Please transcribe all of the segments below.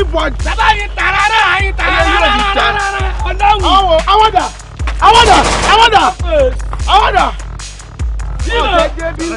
everybody. bàbá yìí tààrà náà yìí tààrà náà ọlọ́run. àwọ̀dà àwọ̀dà àwọ̀dà àwọ̀dà. Yeah.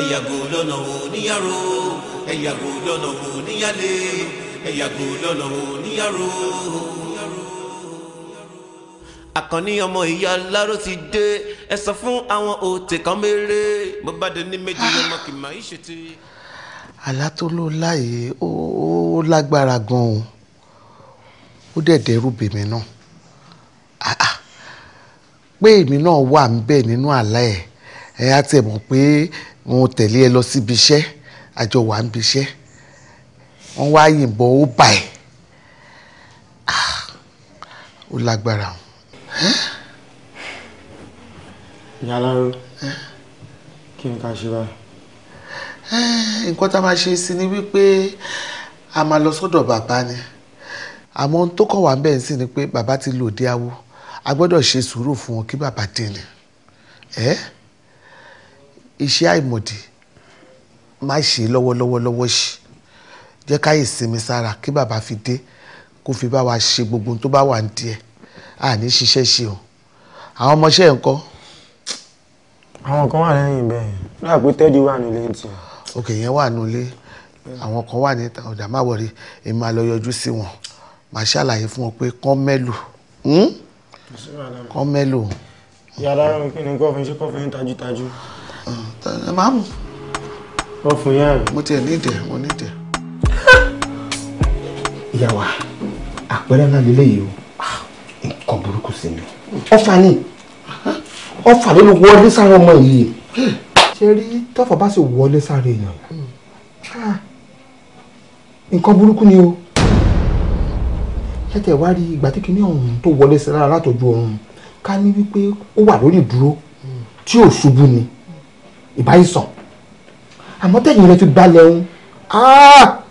ẹ̀yàgò lọ́nà wo níyàrá ẹ̀yàgò lọ́nà wo níyàlé ẹ̀yàgò lọ́nà wo níyàrá. àkànní ọmọ ìyá aláró ti dé ẹ sọ fún àwọn òtè kan méré bó bá dé ní méjì ọmọ kì máa ń ṣètì. àlá láàyè ó lágbára gan-an ó dẹ̀ dẹ́rù bèmí náà pé èmi náà wà ń bẹ̀ nínú àlá ẹ̀ ẹ á tẹ̀ mọ̀ pé mo tẹ̀lé ẹ lọ síbi iṣẹ́ àjọ wà ń bi iṣẹ́ wọ́n wá yìnbọn ó bà ẹ́ ah, ó lágbára o. ìyá aláró kí n ká ṣe báyìí. nǹkan tá a máa ṣe sí ni wípé a máa lọ sọ́dọ̀ bàbá ni àmọ́ ohun tó kàn wá ń bẹ̀ ń sìn ni pé bàbá ti lòdì awo a gbọ́dọ̀ ṣe sùúrù fún wọn kí bàbá dé ni. Eh? iṣẹ́ àìmọ̀dí má ṣe lọ́wọ́lọ́wọ́lọ́wọ́ ṣì jẹ́ ká ìsinmi sára kí bàbá fi dé kó fi bá wa ṣe gbogbo tó bá wà ní ẹ̀ àní ṣiṣẹ́ ṣe o àwọn ọmọọṣẹ́ ẹ̀ ń kọ́. àwọn kan wà lẹ́yìn bẹ́ẹ̀ lọ́wọ́ pé tẹ́jú wà nílé ti. òkè yẹn wà nílé àwọn kan wà ní ọ̀dà má wọ̀rí èmi máa lọ yọjú sí wọn màá ṣàlàyé fún wọn pé kán mẹ́lù hmm? kán mẹ́lù. ìyá alára kí ni kọ́fíń ṣe kọ́fíń tajútajú ẹ máa mú. wọ́n fún yàrá. mo tiẹ̀ ní ìdẹ̀ mo ní ìdẹ̀. ìyá wa àpẹẹrẹ náà lélẹ́yìí o nǹkan burúkú sí mi ọ̀fà ni ọ̀fà ló wọlé sára ọmọ yìí ṣe rí tọ́fà bá sì wọlé sára èèyàn nǹkan burúkú ni o tẹ́tẹ̀ wá rí ìgbà tí kinní ọ̀hún tó wọlé sí lára látọ̀jú ká ní wípé ó wà lórí ìdúró tí ò ṣubú ni ìbáyìí sàn àmọ́ tẹ̀yìn rẹ ti gbalẹ̀ ń ah!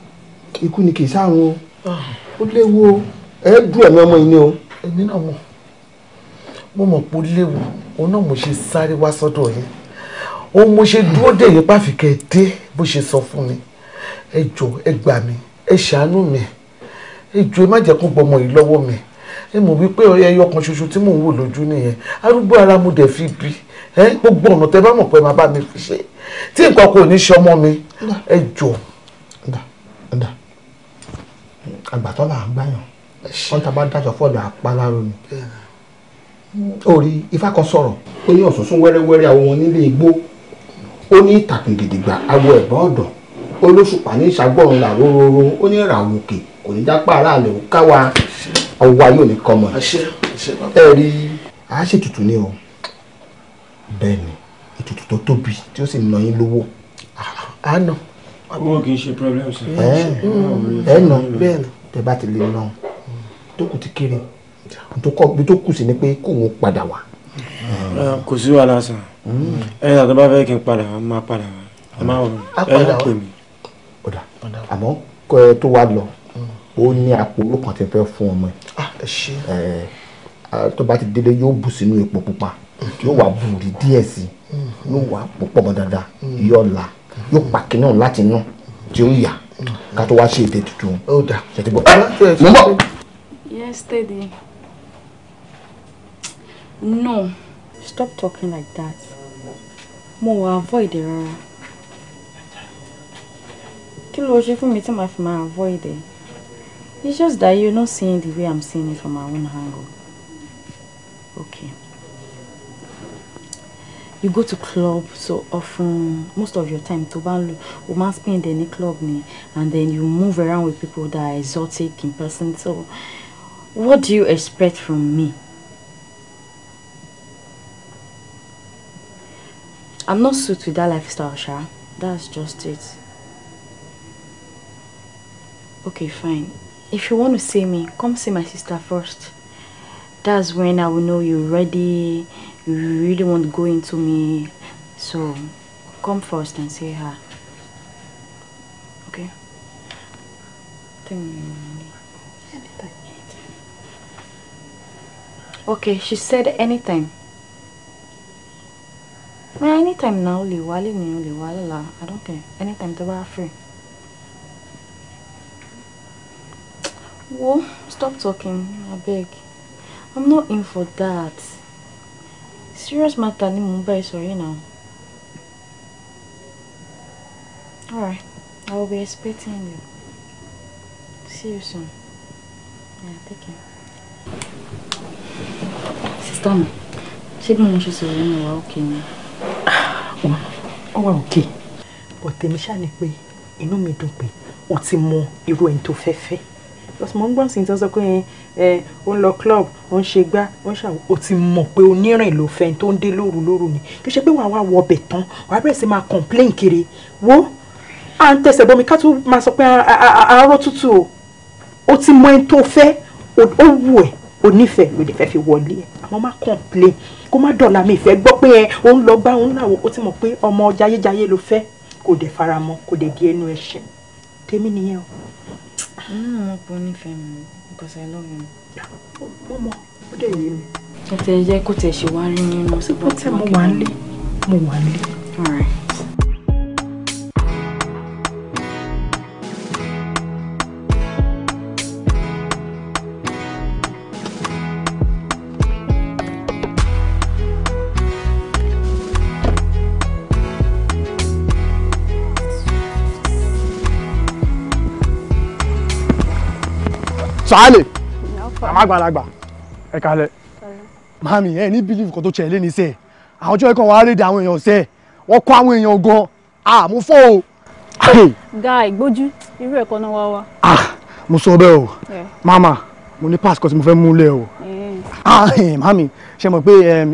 ikú ni kì í sáàrùn o ah. ó léwu o ẹ dùn ẹ̀mí ọmọ yìí ni o. èmi náà mọ̀ mo mọ̀ pé ó léwu òun náà mo ṣe sáré wá sọ́dọ̀ yín òun mo ṣe dúró dè yín pàfikẹ́ dé bó ṣe sọ fún mi ẹ jọ̀ọ́ ẹ gbà mí ẹ ṣàánú mi ẹ jọ̀ọ́ ẹ má jẹ́ kó gbọmọ yìí lọ́wọ́ mi ẹ mọ̀ wípé ẹyọ kan ṣoṣo tí mò ń wò lójú nìyẹn arúgbó ara mo dẹ̀ fi bí gbogbo ọ̀nà tẹ bá mọ̀ pé màá bá mi fi ṣe tí nǹkan kò ní ṣọmọ mi ẹ jọ. àgbàtọ́ là ń gbàyàn wọ́n ta bá dájọ́ fọ́ọ̀lù àpáráró ni orí ifá kan sọ̀rọ̀ ó ní ọ̀sùnsún wẹ́rẹ́wẹ́rẹ́ àwọn wọn nílé igbó ó ní ìtàkùn gidigba awọ ẹ̀gbọ́n ọ̀dọ̀ olóṣùpá ní ìṣàgbọ̀rùn làróróró ó ní ìràwọ̀ òkè kò ní jápá aráàlú káwa ọwọ́ ayé ò ní kọ́ ọmọ yìí ẹ rí a ṣètùtù ní o bẹ́ẹ̀ ni ètùtù tó tóbi tí ó sì ná yín lówó á nà. owó kì í ṣe problem sir. ẹ nà bẹ́ẹ̀ ni tẹ bá ti lè nà tó kù ti kéré bí tó kù sí ni pé kó òun padà wá. kò sí wàhálà sàn ẹ ẹ tó bá fẹ́ kí n padà wá máa padà wá ẹ má wọ̀ ẹ yà pè mí. ọ̀dà àmọ́ kọ́ ẹ tó wá lọ hmm. ó ní àpò olókàn tí ń fẹ́ fún ọmọ ẹ. Ah, tó bá ti délé yóò bù sínú epo pupa yóò wá búrú díẹ̀ sí i mhm. yóò púpọ̀ mọ́ dáadáa mhm. yóò la yóò pa kínní láti inú tí ó yà mhm. ká tó wá ṣe ètè tuntun. ó dà ṣe ti bọ̀ mo bọ̀. yes steady no stop talking like that mo wà avoid rárá kí ló ṣe fún mi tí màá fi máa avoid it. It's just that you're not seeing the way I'm seeing it from my own angle. Okay. You go to club so often, most of your time, tó bá ń lọ, o spend any club ni, and then you move around with people that are exotic in person. So, what do you expect from me? I'm not suited with that lifestyle, Sha. That's just it. Okay, fine. If you want to see me, come see my sister first. That's when I will know you're ready, you really want to go into me. So, come first and see her. Okay? Anytime. Okay, she said anytime. Anytime now, Liwali, Liwala, I don't care. Anytime, to be free. Whoa, stop talking, I beg. I'm not in for that. Serious matter ni mumbai sorry now. Alright, I will be expecting you. See you soon. Yeah, take care. Sister she ṣé want mo ṣe sọ̀rọ̀ yẹn wà oh, ni? Ó ah, wà òkè. Bọ̀tẹ̀mí ṣáà ni pé inú mi dùn pé o ti mọ irú ẹni tó because mo ń gbọ́n sìn tó sọ pé ẹ ó ń lọ club ó ń ṣe gbá ó ń ṣàwọ̀ ó ti mọ̀ pé onírìn ló fẹ́ tó ń dé lóru lóru ni kí ṣe pé wàá wá wọ ọbẹ̀ tán wàá bẹ̀rẹ̀ sí máa complain kiri wo à ń tẹsẹ̀ bọmi ká tún máa sọ pé àárọ̀ tútù o ó ti mọ ẹni tó fẹ́ ó wù ẹ́ ó nífẹ̀ẹ́ ló dẹ̀ fẹ́ fi wọlé ẹ̀ àwọn máa complain kó má dọ̀la mi ìfẹ́ gbọ́ pé ẹ ó ń lọ gbá òun làwọ̀ ó ti mọ̀ pé ọmọ jayéjayé ló fẹ́ kò dẹ̀ faramọ́ kò dẹ̀ di ẹnu ẹ̀ṣẹ̀ tèmi nìyẹn o inú mm, mo kò nífẹ̀ẹ́ because I love him. mo mọ ó dẹ̀ yé mi. ó tẹ jẹ́ kó tẹ ṣe wá rí nínú sí bọ́ọ̀tì wákìlì. ó all right. sàálè màmá àgbàlagbà mami ẹ ní bílíf kan tó ṣe lé ní sẹ àwọn ọjọ́ ẹ̀kan wàá rédè àwọn èèyàn sẹ wọ́n kọ́ àwọn èèyàn gan ah mo fọ́ o. ga ìgbójú irú ẹ̀kọ́ náà wá wá. ah mo sọ bẹ́ẹ̀ o mama mo ní pass kan tí mo fẹ́ mú lẹ̀ o ah mami ṣe mọ̀ pé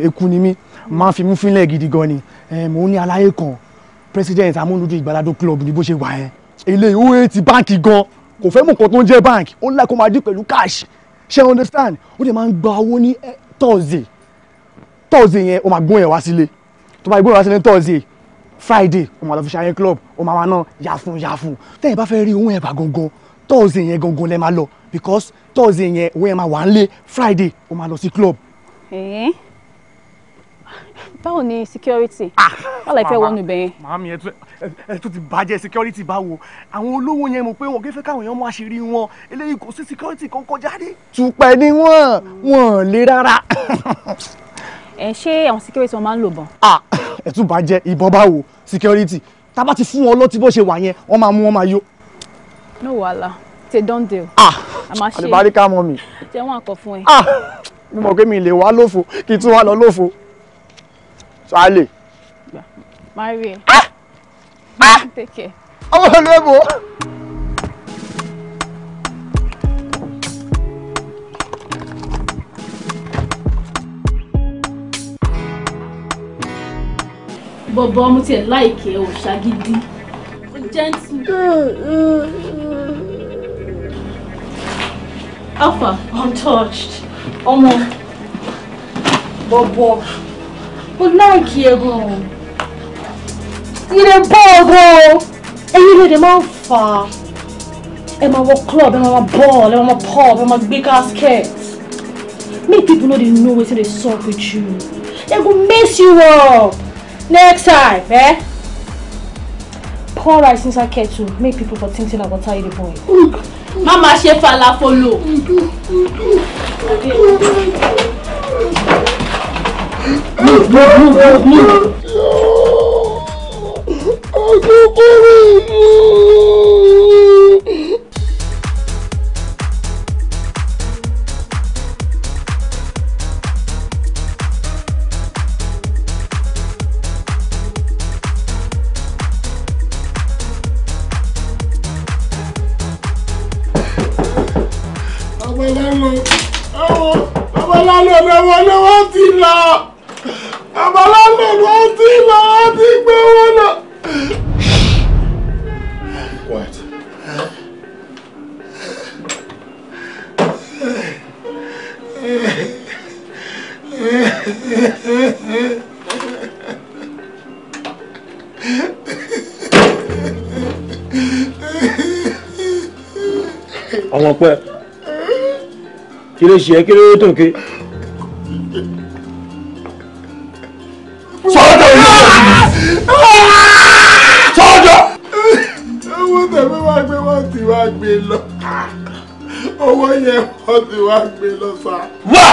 eku ni mí máa fi mú fínlẹ̀ gidi gan ni mo ní aláyé kan president amúnudù ìgbàládùn club ni bó ṣe wà yẹn eléyìí ó ti báǹkì gan-an kò fẹ́ mú nǹkan tó ń jẹ́ báǹkì ó ń láì kó máa dí pẹ̀lú káàṣì ṣe understand ó dẹ̀ máa ń gba owó ní tọ́ọ̀sì eh, tọ́ọ̀sì yẹn ó máa gbóhùn yẹn sílé tó bá gbóhùn yẹn wá sílé tọ́ọ̀sì friday ó máa lọ fi ṣayẹn club ó máa wá náà yàfun yàfun tẹ́yìn bá fẹ́ rí owó yẹn bá gangan tọ́ọ̀sì yẹn gangan lẹ́ máa lọ because tọ́ọ̀sì yẹn owó yẹn máa wà ń lé friday ó máa lọ sí club. Eh? báwo ni security ah, wọ́n lè fẹ́ wọnú ibẹ̀ yẹn. màámi ẹ tún ti bàjẹ́ security báwo àwọn olówó yẹn mọ̀ pé wọn kò fẹ́ káwọn èèyàn mọ àṣírí wọn eléyìí kò sí security kan kọjá dé. tùpẹ̀ ni wọ́n wọ́n lè rárá. ẹ ṣé àwọn security wọn máa ń lò bọ̀. Ah, ẹ tún bàjẹ́ ìbọn báwo security tá a bá ti fún wọn lọ́tí bó ṣe wà yẹn wọ́n máa mú wọn máa yó. no wàhálà tẹ don deal. Ah, àlùbáríkà mọ mi. jẹ́ wọn àkọ́ fún ẹ. mo mọ̀ pé mi lè wá lófo kí n tún wá lọ lófo. So I leave. Yeah, my way. Ah, ah. take care. ọmọ oh, olóògbé. bọ̀bọ̀ ọmọ tiẹ̀ láìkẹ́ ò ṣàgídí gentle. Alpha, untouched. Ọmọ, bọ̀bọ̀ mo láìkí ẹ gan ilé bọ́ ọ gan ẹyin lè dé máa ń fà á ẹ máa wọ club ẹ máa wọ ball ẹ máa wọ pub ẹ máa gbé casket make people no dey know wetin dey sup with you dem go mess you up next time eh? pour rice inside kettle make people for think say na water you dey pour. mama ṣe falafolo. Move, move, move, move. Àkókò rẹ̀ mú. ló ṣe ẹ́ kí tó ké. sọ́jọ́ ìlú sọ́jọ́. owó tẹ̀mí wá gbé wọ́n ti wá gbé lọ owó yẹn wọ́n ti wá gbé lọ sá. wá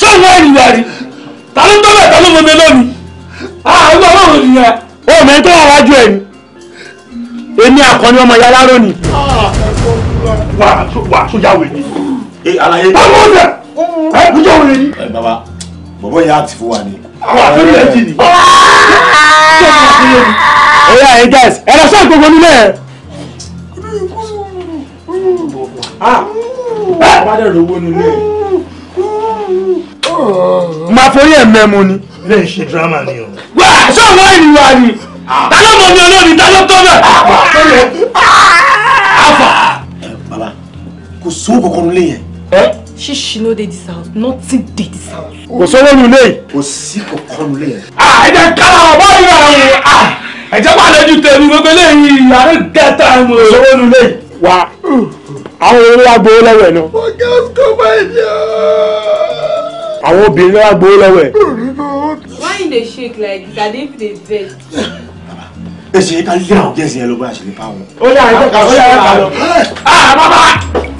sọ́wọ́ ìwà rí ta ló tọ́lẹ̀ ta ló mọ mi lónìí àwọn ọlọ́run nìyẹn. ó mẹ́tọ́ wá wájú ẹ̀ ni èmi àkànní ọmọ yàrá rò ní. wà á sójà wèé alaye. báwo ṣe ẹ kújọ wọlé ni. ẹ bàbá bọ̀bọ̀ yẹn àti fún wa ni. àwọn àfẹ́rẹ́ yẹn jì ní. ẹyà ẹ guys ẹ lọ sọ́ọ̀ gbogbo nílẹ̀. Ah! bàbá dẹ̀ lówó nílé. máa forí ẹ̀ mẹ́mu ni. ilé ìṣe dírámà ni o. wá aṣọ àwọn ènìyàn ni ah. ta ló mọ mi olórí ta ló tọ́ bẹ́ẹ̀. àfà bàbá kò sówó kankan nílé yẹn. She know they this house nothing dey this house. kò sówó nu lé. kò sí kòkó nu lé yẹn. ẹ̀jẹ̀ kára ọ̀bọ̀ ìyá rẹ̀ ẹ̀jẹ̀ bá lẹ́jú tèmi gbogbo eléyìí ìyàrá gẹ́tà mọ̀. kò sówó nu lé. wa àwọn owó wa gbowó lọ́wọ́ ẹ̀ náà. mo kẹ́ ọ́ sọ máa yá. àwọn obìnrin wa gbowó lọ́wọ́ ẹ̀. why in the shake like this and if dey vex. èsì yìí ká lé àwọn jẹ́sìn yẹn ló bá ṣe lè bá wọn. ó yà á ká Ah, bàbá.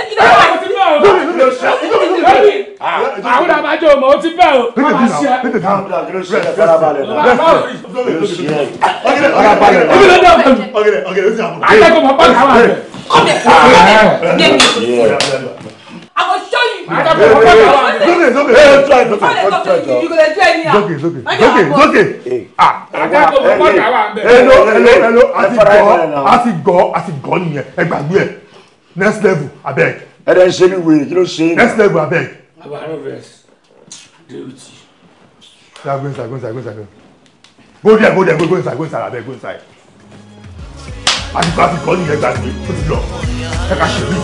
tó mọ̀ ti bẹ̀ o. Bẹ́ẹ̀ bí náà bẹ́ẹ̀ bí náà rẹ̀ farabalẹ̀ náà. Farabalẹ̀ náà. Ọ̀gẹ̀dẹ̀ ọ̀gẹ̀dẹ̀ ọ̀gẹ̀dẹ̀ ó ti àbọ̀. Àtẹ̀kọ̀ mọ̀ pàtàkì àwọn àgbẹ̀. Ọ̀gẹ̀dẹ̀ ọ̀gẹ̀dẹ̀ okay. okay. okay. Next level, abeg. Ẹ dẹ̀ ń ṣe ní wèrè, kí ló ṣe Next level, abeg. Yeah, go inside, go inside, go inside. Go there, go there, go, go inside, go inside, abeg, go inside. Àtìkọ́ àtìkọ́ nìyẹn gbà pé ó ti lọ. Ẹ ká ṣe mí,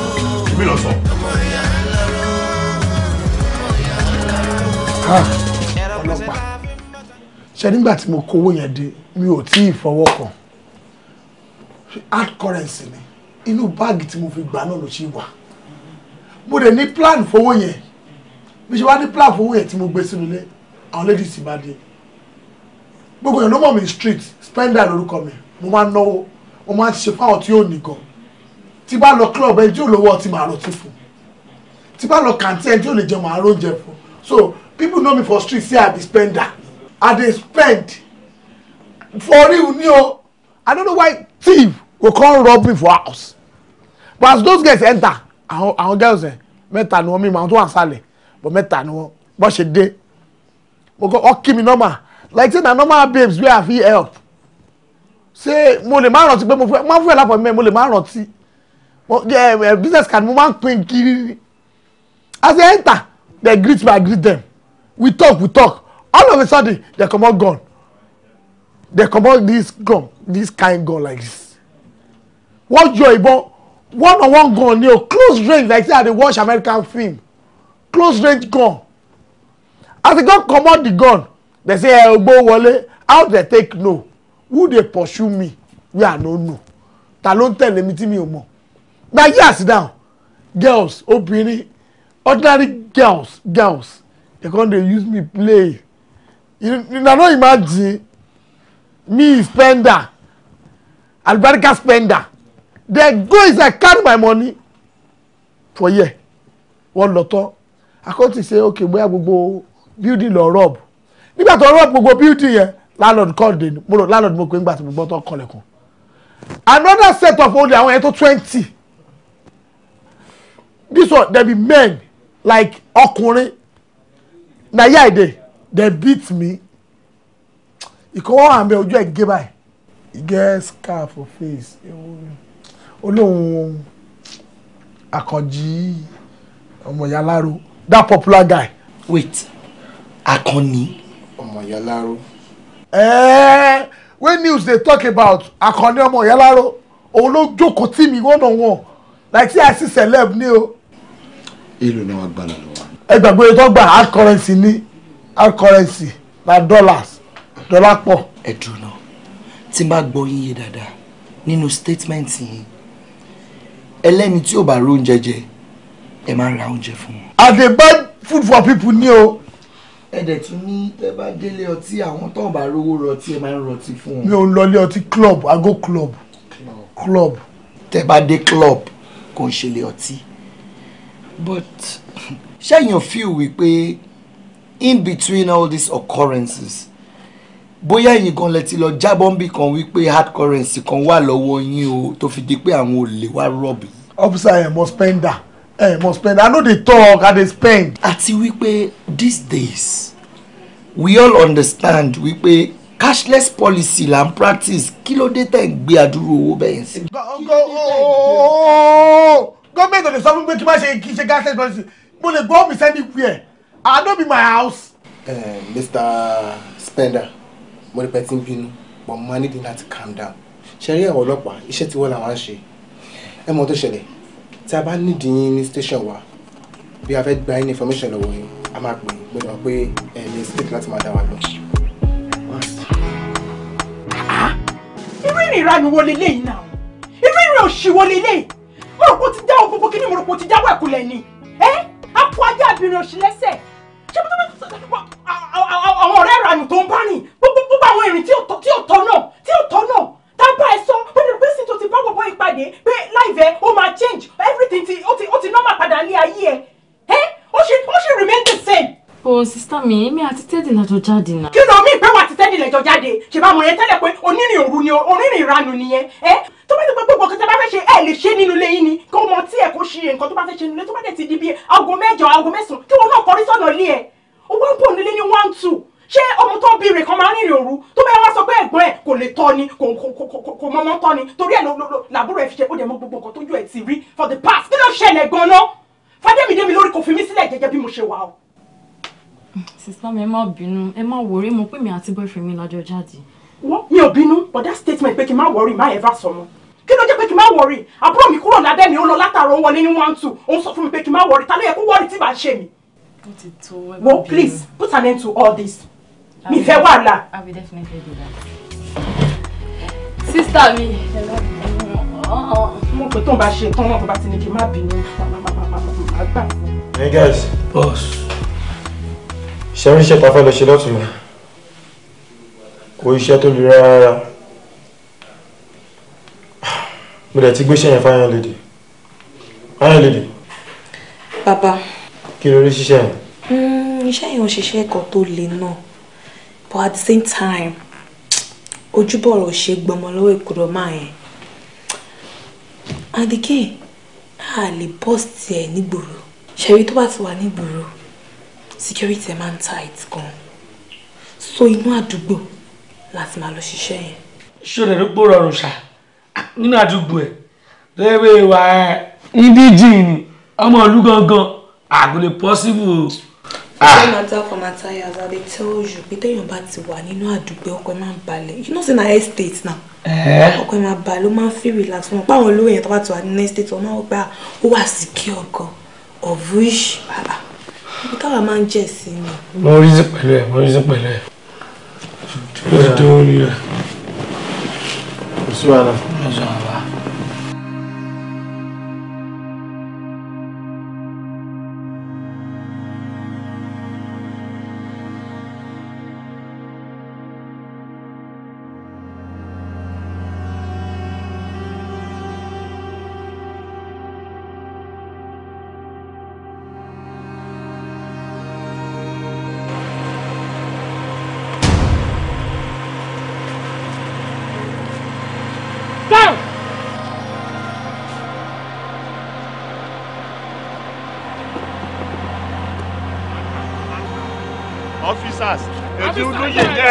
èmi lọ sọ. Ọlọ́pàá. Ṣé nígbà tí mo kówó yẹn dé, mi ò tí ì fọwọ́ kàn. Hard currency ni, inú báàgì tí mo fi gbà náà ló ṣì wà. Mo dẹ̀ ní plan fowó yẹn bí ṣe wá ní pláàfù owó yẹn tí mo gbé sínú ilé àwọn ladies bá dé gbogbo yẹn ló mọ̀ mí street spender lórúkọ mi mo máa ń náwó mo máa ń ṣe fáwọn tí yóò nìkan tí bá lọ club ẹni tí yóò lówó ọtí màá rọtí fún tí bá lọ kàǹtí ẹni tí yóò jẹun màá róúnjẹ fún so people know me for street say i be spender i dey spend for real ni o i don't know why thief go come rob me for house but as those guys enter àwọn girls ẹ eh, mẹ́ta ni wọn mímọ àwọn tó wà sálẹ̀ but mẹ́ta ni wọ́n bọ́ ṣe dé mo kọ́ ọkì mi normal like say na normal babes wey i fit help ṣé mo lè má rántí pé mo fẹ́ máa fẹ́ lápò mẹ́ mo lè má rántí eh, business card mo máa ń pín kiri as i enter they greet me i greet them we talk we talk all of a sudden they comot gun they comot this gun this kind gun like this watch your ìbọn one on one gun ni o close range like say i dey watch american film close range gun as e come comot the gun dem say eh ogbo wọlé how dem take know who dey pursue me wey i no know ta ló ń tẹ̀lé mi tí mi ò mọ̀ na here sit down girls obìnrin ordinary girls girls dey come dey use me play You una no imagine me spender albarika spender dey go inside carry my money for here wọ́n lọ tán àkọ́tì ṣe ok bóyá gbogbo building lọ rọ́ọ̀b nígbà tó rọ́ọ̀b gbogbo building yẹn landlord call de mo rò landlord mo pe ngbà tí mo gbọ́ tó kọlẹ̀kùn another set of olè àwọn yẹn tó twenty this one there be men like ọkùnrin na yá ìdè they beat me ìkọ́wọ́ àmì ojú ẹ̀ gé báyìí he get scar for face olóhùn akànjí ọmọ ìyá láró that popular guy. wait Akoni. ọmọ Yalaro. eh, when news they talk about Akoni ọmọ Yalaro òun ló jókòó mi one on one like say i see celeb ni o. èlò náà wàá gbàlà lọ wa. ẹ gbàgbé tó gba hard currency ní hard currency na dollars dollar pọ̀. ẹ dùn náà tí n bá gbọ́ yín yé dáadáa nínú statement yín ẹlẹ́ni tí ò bá róúnjẹ jẹ ẹ máa ń ra oúnjẹ fún wọn. and they food for people ní o. ẹ dẹ̀ tún ní tẹ́ bá délé ọtí àwọn tó ń bá rówó rọtí ẹ máa ń rọtí fún wọn. mi ò ń lọlé ọtí club i go club club tẹ́ bá dé club kò ń ṣe lé ọtí but ṣẹ́yìn feel wípé in between all these occurrences bóyá ẹ̀yin kan lẹ ti lọ jábọ́ nbí kan wípé hard currency kan wà lọ́wọ́ yín o tó fi di pé àwọn olè wá rọ̀bì. officer ẹ̀ mọ̀ spender ẹ eh, mọ spend i know they talk i they spend. àti wípé these days we all understand wípé cashless policy la n practice kí ló dé tẹ̀ ń gbé adúrú owó bẹ́ẹ̀ sí. gọ́ọ̀mẹ̀ntì ò lè sọ fún mi pé kí n má ṣe kí n ṣe cashless policy mo lè go office anywhere i no be my house. Uh, eh, Mr. Spender mo rí pé tí ń bínú but mo máa nídìí láti calm down ṣe rí àwọn ọlọ́pàá iṣẹ́ tí wọ́n làwọn ń ṣe ẹ mọ tó ṣẹlẹ̀ tí a bá nídìí yín ní station wa bí a fẹ́ gba yín information lọ́wọ́ yín a máa pè mo dọ̀ pé ẹ̀ ní state láti máa dá wa lọ. irú ìrìn ìranu wo leléyìí náà irú ìrìn òṣì wo leléyìí mo rò pé o ti dáwọ́ gbogbo kí ni mo rò pé o ti dáwọ́ ẹ̀kúnlẹ̀ ni ẹ́ á kó ajá àbìrin òṣì lẹ́sẹ̀ ṣé mo tó bá àwọn ọ̀rẹ́ ìranu tó ń bá rìn gbogbo àwọn ìrìn tí ò tọ́ náà tí ò tọ́ náà tábà ẹ sọ ó lè pèsè tó ti bá bọ̀bọ̀ ìpàdé pé láìvẹ́ ó máa change everything ti ó ti ó ti normal padà ní ayé ẹ ẹ ó ṣe ó ṣe remain the same. o sista mi èmi àti tẹ́dì lẹ́jọ́ jáde náà. kí ló mi ìpẹ́ wà àti tẹ́dì lẹ́jọ́ jáde ṣèbá mo yẹn tẹ́lẹ̀ pé onírìn òru ni onírìn ìranu nìyẹn ẹ tó bá ti pẹ́ gbogbo nǹkan tí a bá fẹ́ ṣe ẹ lè ṣe nínú ilé yín ni kó mọ tí ẹ kó ṣe nǹkan tó bá fẹ́ ṣe nílé tó bá dẹ̀ ti di bíi aago mẹ́jọ aago mẹ́sàn-án tí wọn náà kọrí sọ́nà ilé ẹ owó ń bò nílé ní one two ṣé ọmọ tó ń bìrè kan máa ń rìnrìn òru tó bẹ́ẹ̀ wá sọ pé ẹ̀gbọ́n ẹ̀ kò lè tọ́ ni kò mọ́mọ́ tọ́ ni torí ẹ̀ làbúrò ẹ̀ fi ṣe ó dẹ̀ mọ gbogbo nǹkan tójú ẹ̀ ti rí for the past kí ló ṣẹlẹ̀ gan-an fàdémidémi lórí kò fi mí sílẹ̀ jẹ́jẹ́ bí mo ṣe wà o. sísá mi ẹ má bínú ẹ má wọrí mo pé mi àti boyfriend mi lọ́jọ́ jáde. mi ò bínú but that statement pé kí n má wọrí má ever sọ mọ́ kí ló jẹ́ pé kí n má wọrí àbúrò mi kúrò lábẹ́ mi ó lọ látàrọ̀ wọlé ní one two òun sọ fún mi pé kí n má wọrí ta ló yẹ kó wọrí tí bá ṣe mi. wọ́n please put an end to all this mi fẹ́ wàhálà. I will definitely do that. sísá mi mo Hey guys, boss. ṣe oríṣẹ́ ta fẹ́ lọ ṣe lọ́tùnú kò We tó lè the mo But I think we fáyán lédè fáyán lédè. bàbá kí ló rí ṣiṣẹ́ yẹn. Hmm, iṣẹ́ yẹn ò ṣiṣẹ́ kan tó le but at the same time ojúbọ̀rọ̀ ṣe gbọmọ lọ́wọ́ ìkúrọ̀ máa yẹn and again a lè bust ẹ̀ nígboro ṣẹ̀rí tó bá ti wà nígboro security ẹ̀ máa ń tight gan so inú àdúgbò láti máa lọ ṣiṣẹ́ yẹn. ṣọlẹ̀ ló gbó rọrùn ṣá nínú àdúgbò ẹ̀ lẹ́wẹ̀ẹ́ wa ndg ni ọmọ ìlú gangan àgùlẹ̀ possible o. Ah. Say matter for matter I dey tell you pé téèyàn bá ti wà nínú àdúgbò ọkọ ẹ̀ máa ń You know say na estate na. Eh? Ọkọ ẹ̀ máa balẹ̀ ó máa ń relax wọn. Báwọn olówó yẹn tó bá ti wà nínú estate wọn máa ń ah, ó wà secure gan of which bàbá. Ah, ah, ibi táwa máa ń jẹ̀ sí ni. Mo rí sí pẹ̀lú ẹ̀ mo rí sí pẹ̀lú ẹ̀. Tó ti tó rí rẹ̀. Kò sí wàhálà. Mo sọ àbá.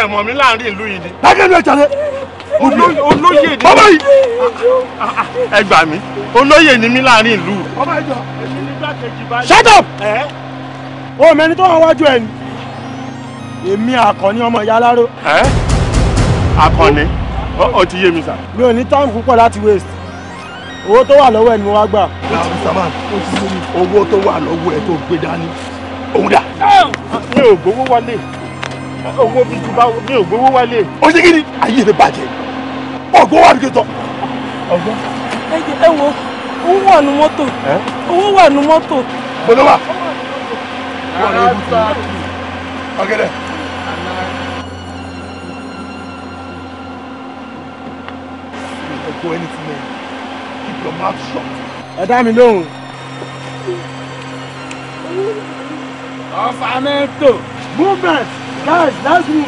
ẹ mọ̀ láàrin ìlú yìí ni. lágẹ̀lú ẹ̀ jàre. olóyè ni bàbá yìí. ẹ gbà mí olóyè ni mí láàrin ìlú. bàbá yìí èmi nígbà kejì báyìí. shut up. o mẹni tó wà wájú ẹ ni èmi àkànní ọmọ ìyá aláró. àkànní ó ti yé mi sà. mi ò ní táìmù púpọ̀ láti waste owó tó wà lọ́wọ́ ẹ ni mo wá gbà. owó tó wà lọ́wọ́ ẹ tó gbé dání òun dà. mi ò gbowó wálé owó bíi ti bá mi ò gbowó wálé. ó ṣe kí ni ayé mi bàjẹ́ ọgbọ́n wà lókè tọ́. ọgbọ́n. ẹ wo owó wà nù mọ́tò owó wà nù mọ́tò. bọ́dọ̀ wà. ọ̀gẹ̀dẹ̀. ẹ̀kọ́ ẹni tí mo keep your mouth shut. ẹ dá mi lóhùn. ọ̀fà mẹ́tò movement. That's that's move.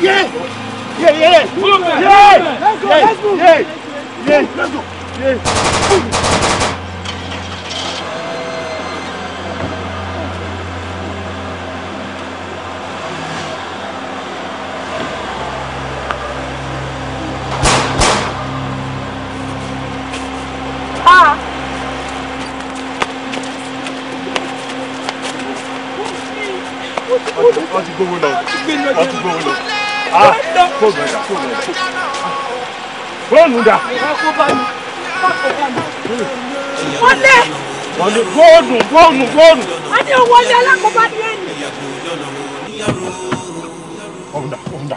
Yeah. Yeah, yeah. Move. Yeah. Let's go. Let's move. Yeah. Yeah. Let's go. Yeah. fóònù dà. wọlé. wọlé fóònù fóònù fóònù. a ní owó alákòóbá ní ẹ̀yìn. ọ̀hún dà ọ̀hún dà.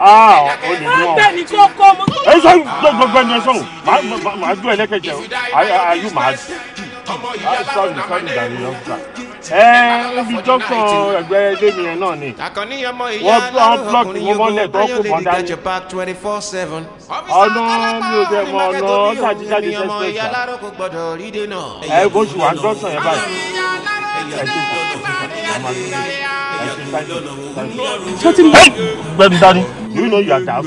aa o lè mú ọ. bẹ́ẹ̀ni kò kọ ọmọ. ẹ sọ gbogbo ẹni ẹ sọ o màá dún ẹlẹ́kẹ̀jẹ̀ o ayú màá sọ ní sọ ní ìdàrí yọ gbà. ẹ ibi dókítà ẹgbẹ́ lẹ́mi yẹn náà ni wọ́n blọọkì wọn mọ́lẹ̀ tó kù mọ́ dání. ọ̀nà mi ò dẹ̀ mọ̀ ọ̀nà ṣáàjíjáde ṣẹ́ṣẹ́ ẹ bó ṣù wá dọ́sàn yẹn báyìí ṣé tí ń bá gbẹ̀mí dání you know your doubt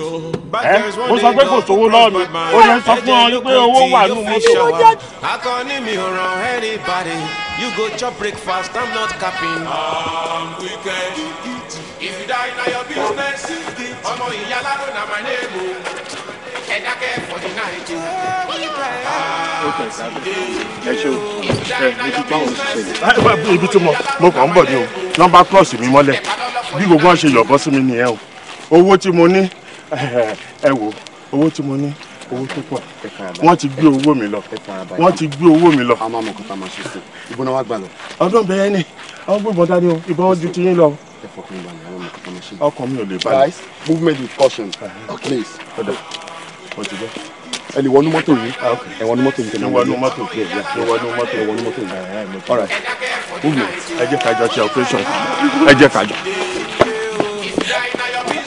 ẹ mo sọ pé kò sówó lọ́wọ́ mi ó lè sọ fún ọ pé owó wà nù mọ́tò. akọni mi ò ràn anybody you go chop breakfast i'm not capping. Um, weekend, if you die na your business ọmọ ìyá ládùn na my name o oh. ẹ dákẹ́ fọ̀dí náà ẹ jẹ́ ẹ ṣe o ẹ mo ti bá òun ṣiṣẹ́ yìí. ibi tí mo kàn ń bọ̀ ni o nọ́mbà plus mi mọ́lẹ̀ bí gbogbo wọn ṣe yọ̀bọ sí mi nìyẹn o owó tí mo ní ẹ wò owó tí mo ní owó tó pọ̀ wọ́n ti gbé owó mi lọ wọ́n ti gbé owó mi lọ. àmọ́ àmọ́ kọ́ta máa ṣe sí i ìbọn náà wá gbà lọ. ọdún bẹ́ẹ̀ ni àwọn gbọ́dọ̀ dání o ìbọn ju ti yín lọ. ọkàn mi ò lè balẹ̀. guys movement with caution uh-huh. please. ẹ lè wọnú mọ́tò yìí ah, ẹ wọnú mọ́tò yìí tẹ̀lé wọnú mọ́tò yìí ẹ wọnú mọ́tò yìí ẹ wọnú mọ́tò yìí uh-huh, all right movement. ẹ jẹ́ ká jọ ṣe operation ẹ jẹ́ ká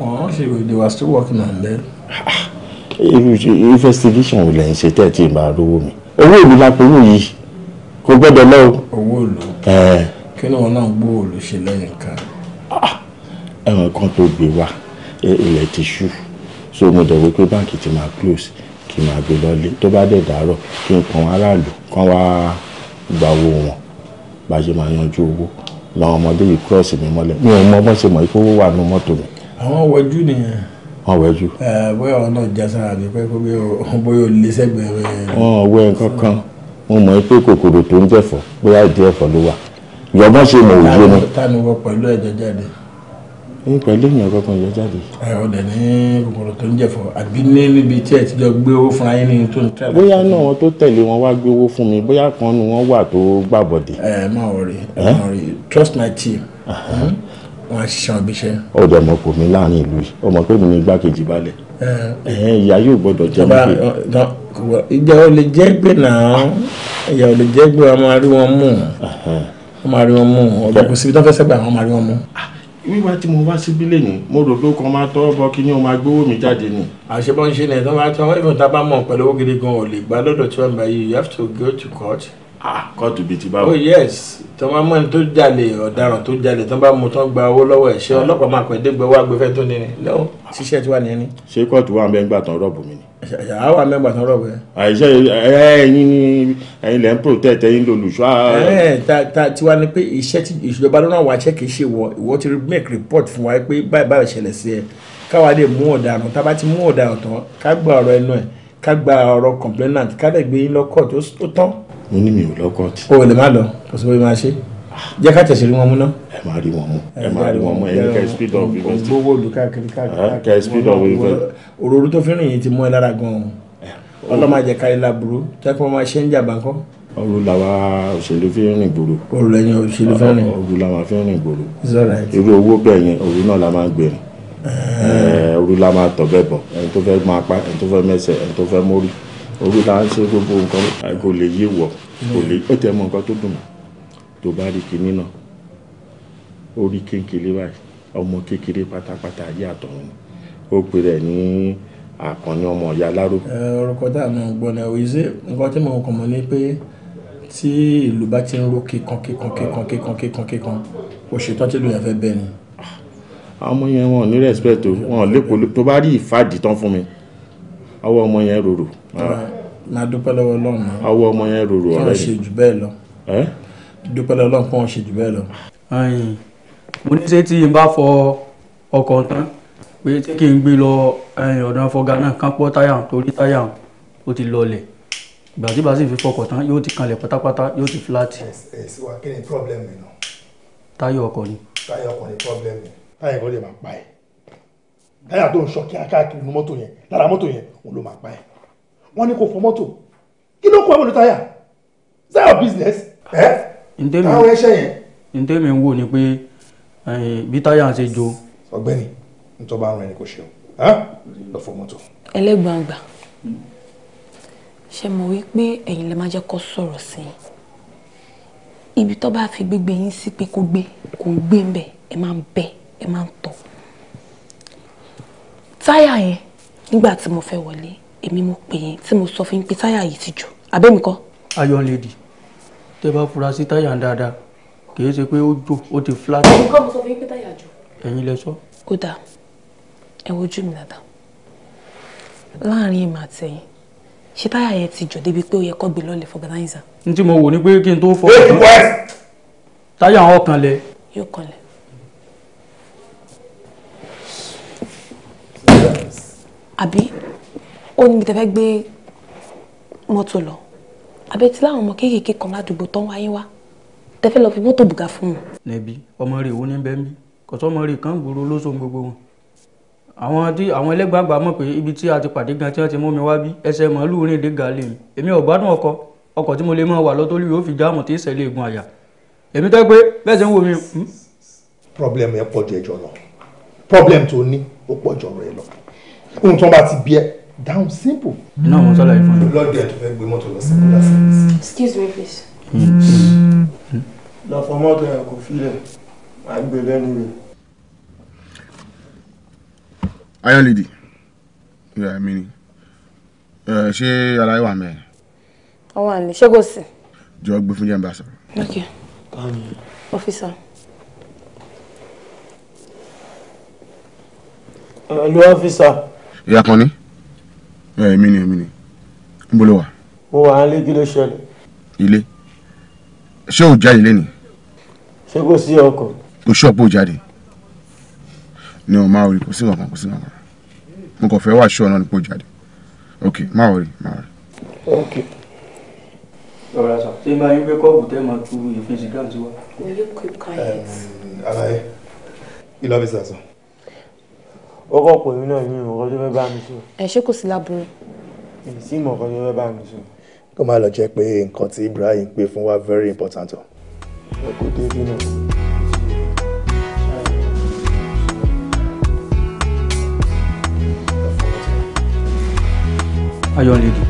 wọ́n ṣe they were still working on them. investigation wo lẹ́yìn ṣe tẹ́ ẹ ti máa rówó mi owó mi la polú yìí kò gbọ́dọ̀ lọ́wọ́. owó òòlù kí ni wọn náà gbó òòlù ṣe lẹ́yìn kan. Ah, ẹ̀wọ̀n kan tó gbé wa ilẹ̀ ti ṣú so mo dẹ̀ wí pé báǹkì ti máa close kí n máa gbé lọ́lé tó bá dẹ̀ dàárọ̀ kí n kàn aráàlú kán wá gba owó wọn bá ṣe máa yanjú owó làwọn ọmọdé yìí cross mi mọ́lẹ̀ mi ò mọ bọ́n ṣe mọ̀ ikú owó wà nínú mọ́tò mi àwọn wẹjú nìyẹn. wọn wẹjú. ẹ bóyá ọ̀rọ̀ náà já sára mi pé bóyá olè sẹ́gbẹ̀ẹ́ rẹ. wọn wẹ nǹkan kan mo mọ̀ pé kòkòrò tó ń jẹ̀fọ́ bóyá ìdí ẹ̀fọ́ ló wà yọgbọ́n ṣe mọ̀ òye ni. táàmì wọ pẹ̀lú ẹ̀jẹ̀ jáde. ní pẹ̀lú èèyàn kankan yọ jáde. ẹ ọ dẹ̀ ní kòkòrò tó ń jẹ̀fọ́ àbí ní níbi tí ẹ ti jọ gbé owó fún ayé nínú tó ń tẹ̀lé. bóyá náà wọn tó tẹ̀lé wọn wá gbé owó fún mi bóyá kan nu wọn wà tó gbàbọ̀dé. ẹ má worry, ẹ má trust my team. Uh -huh. mm -hmm wọ́n á ṣiṣẹ́ wọn bíṣẹ́. ó dẹ̀ mọ̀ pò mí láàrin ìlú yìí ó mọ̀ pé mi ní igbákejì balẹ̀. ìyá yóò gbọ́dọ̀ jẹ́ mi pé. ìjà ò lè jẹ́ pé náà ìjà ò lè jẹ́ pé wọ́n máa rí wọn mú wọ́n máa rí wọn mú ọ̀dọ̀ kò síbi tó fẹ́ sẹ́gbà wọ́n máa rí wọn mú. wíwá ah, tí mo wá síbí lẹ́nu mo rò pé kan máa tọ́ bọ kí ni o máa gbówó mi jáde ni. àṣebọ́n ṣe ni ẹ̀ tó máa tọ́ ìfọ̀tà bá mọ̀ pẹ̀lú owó gidi gan ò lè gbá lọ́dọ̀ tí wọ́n bá yìí you have to go to court kóòtù ah, bíi ti báwo. oh yes tí wọ́n mú ẹni tó jalè ọ̀daràn tó jalè tí wọ́n bá mú tán gba owó lọ́wọ́ ẹ̀ ṣé ah. ọlọ́pàá máa pẹ́ dégbé wá gbé fẹ́ tó ní ni lọ́wọ́ ṣiṣẹ́ tí wà ní ní. ṣé kóòtù wà mẹ́ngbà tán rọ́ọ̀bù mi ni. àṣà wà mẹ́ngbà tán rọ́ọ̀bù yẹn. àìṣe ẹ̀yin ni ẹ̀yin lẹ ń protect ẹ̀yin lolùṣọ́. ẹ ta tiwa ni pé iṣẹ́ tí ìṣèjọba ló náà wá kì í ṣe wọ ìwọ ti make report fún wa pé báyìí báyìí ṣẹlẹ̀ sí ẹ káwa lè mú ọ̀daràn tá a bá ti mú ọ̀daràn tán ká gba ọ̀rọ̀ ẹnu ẹ̀ ká gba ọ̀rọ̀ complainant ká dẹ̀ gbé yín lọ court tán mo ní mi ò lọ́kọ̀ tí. o lè má lọ kò sí bóyá máa ṣe jẹ́ ká tẹ̀sí rí wọn mú ná. ẹ máa rí wọn mú ẹ máa rí wọn mú ẹyin kẹ́ speed of investigation. gbogbo olùkàkiri káàkiri kẹ́ speed of investigation. òróró tó fi rìn yìí ti mú ẹ lára gan-an ọlọ́màjẹ kárí laburo tẹ́kọ̀ máa ṣe ń jàmbá kọ́. ọrù làwa òṣèlú fi ń rìn gbòòrò. ọrù lẹ́yìn òṣèlú fi ń rìn. ọrù làwa fi ń rìn gbòòrò. irú owó bẹ́ẹ̀ yẹn òru náà la máa ń gbèrè. òru la máa tọ̀ bẹ́ẹ̀ bọ̀ ẹni tó fẹ́ máa pa ẹni tó fẹ́ mẹ́sẹ̀ ẹni tó fẹ́ mórí òru la ń ṣe gbogbo nǹkan kò lè yé wọ kò lè ó tẹ mọ nǹkan tó dùn mọ́ tó bá rí kinní náà ó rí kékeré báyìí ọmọ kékeré pátápátá ayé àtọ̀run ni ó pè rẹ̀ ní àkànní ọmọ ìyá aláròkù. ọ̀rọ̀ kọ́dà mi ò gbọ́n náà òyìnbó nǹkan tí mo kàn mọ́ ni pé tí ìlú bá ti ń ro kíkan kíkan kíkan kíkan kíkan kíkan òṣètò tí lóyún fẹ́ bẹ́ẹ̀ ni. Ah, àwọn ọmọ yẹn wọn ò ní respect o wọn ò lè kó tó bá rí ìfàdí tán fún mi ọwọ́ ọmọ yẹn rorò. máa dúpẹ́ lọ́wọ́ ọlọ́run. ọwọ́ ọmọ yẹn rorò ọ̀rẹ́ mi. kí wọ́n ṣe jù bẹ́ẹ̀ lọ. dúpẹ́ lọ́wọ́ ọlọ́run kí wọ́n ṣe jù bẹ́ẹ̀ lọ. mo ní ṣé tí n bá fọ ọkọ̀ tán pé tí kì í gbé lọ eh, ọ̀dọ̀ afọ́gá náà kán pọ́ táyà torí táyà ó ti lọlẹ̀ ìgbà tí bá sì fi fọkọ̀ tán yóò ti kanlẹ̀ pátápátá yóò ti fúláàtì. ẹ ẹ sí wa kí ni problem mi nù. táyà ọkọ̀ ni. táyà ọkọ̀ ni problem mi táyà ọkọ̀ máa pa ẹ̀ táyà tó ń sọ kí akáàkiri nu mọ́tò yẹn lára mọ́tò yẹn òun ló máa pa ẹ̀ wọ́n ní kò fọ mọ́tò kí ló kọ́ ẹ̀ táyà is that your business? ẹ́ táwọn ẹṣẹ́ yẹn. ntẹ́mi ń wò ni pé bí táyà ń ṣe jo. ọ̀gbẹ́ni ntọ́ba ń rìn ni kò ṣe o lọ fọ mọ́tò. ẹlẹ́gbọ̀ngbà ṣe mọ̀ wípé ẹ̀yin lè má jẹ́ kó sọ̀rọ̀ sí i ibi tó bá fi gbégbé yín sí pé kó gbé kó gbé ń bẹ̀ ẹ máa ń bẹ̀ ẹ máa ń tọ̀ táyà yẹn nígbà tí mo fẹ́ wọlé èmi mo pè yín tí mo sọ fún yín pé táyà yìí ti jò àbẹ́mi kọ́. ayọ̀ lèdì tẹ́ bá fura sí táyà dáadáa kì í ṣe pé ó jò ó ti flat. èmi kọ́ mo sọ fún yín pé táyà jò. ẹ̀yin lẹ sọ. ó dáa ẹ wojú mi dáadáa láàrin èmi àtẹ̀yìn ṣé táyà yẹn ti jò débi pé ó yẹ kó gbé lọ́lẹ̀ fọ́gánáìzà. n tí mo wò ni pé kí n tó fọ́ táyà wọn kanlẹ̀. yóò kanlẹ̀. àbí ó ní tẹ́fẹ́ gbé mọ́tò lọ àbí ti láwọn ọmọ kéékèèké kan ládùúgbò tán wáyé wá tẹ́fẹ́ lọ fi mọ́tò bùgà fún wọn. nẹ̀bí ọmọ rẹ̀ wo ní bẹ́ẹ̀ mi kò tó ọmọ rẹ̀ kan gbòòrò lóṣù gbogbo wọn àwọn tí àwọn ẹlẹ́gbàgbà mọ̀ pé ibi tí a ti pàdé gan tí wọ́n ti mú mi wá bí ẹsẹ̀ màálùú rìn dé gàálẹ̀ mi èmi ò gbádùn ọkọ ọkọ̀ tí mo lè máa wà lọ́tọ́lú yóò fi jáàmù tí ìṣẹ̀lẹ̀ ègún àyà èmi tẹ́ pé bẹ́ẹ̀ ṣe ń wo mi. Hmm? problem yẹn pọ̀ ju ẹjọ́ lọ problem tó ní ó pọ̀ ju ọ̀rọ̀ yẹn lọ ohun tí wọ́n bá ti bí ẹ down simple. iná mo tọ́lá yìí fún mi. lọ́dẹ̀ tó fẹ́ gbé mọ́tò lọ sí kúlá sí. excuse me please. lọ fọ mọ́tò yẹn kò filẹ̀ máa gbé lẹ́nu rẹ̀. iron lady ìyá mi ni ṣé ara ẹ wà mẹ́rin. ọwọ́ àlè ṣé kò sí. jọ gbé fún jẹ́nba sọ̀rọ̀. ok ọfíìsà. Uh, hello ọfíìsà ìyá kan ní. ẹ èmi ni èmi ni ń bolo wà. mo wà á lé kí ló ṣẹlẹ̀. ilé ṣé ò jáde lé ni. ṣé kò sí ọkọ̀. kò sí ọ̀pọ̀ jáde ni o máa rí kò sí ọkàn kò sí ọkàn mo kàn fẹ́ wá aṣọ náà ni kò jáde ok má wọrí má wọrí. ok ọ̀rọ̀ àṣà ṣé máa yín pé kọ́ọ̀bù tẹ́ máa tu ìfẹsí gáàsì wa. will you quick quiet. Um, alaye ilé ọ́fíìsì àṣà ọkọ pè mí náà ìmí ìmọ̀kọ́ tó fẹ́ bá mi sùn. ẹ ṣé kò sí láburú. èyí sí ìmọ̀kọ́ tó fẹ́ bá mi sùn. kó má lọ jẹ́ pé nǹkan tí Ibrahim pè fún wa very important o. ẹ kò dé bí náà. ayọ̀ ń lèdè.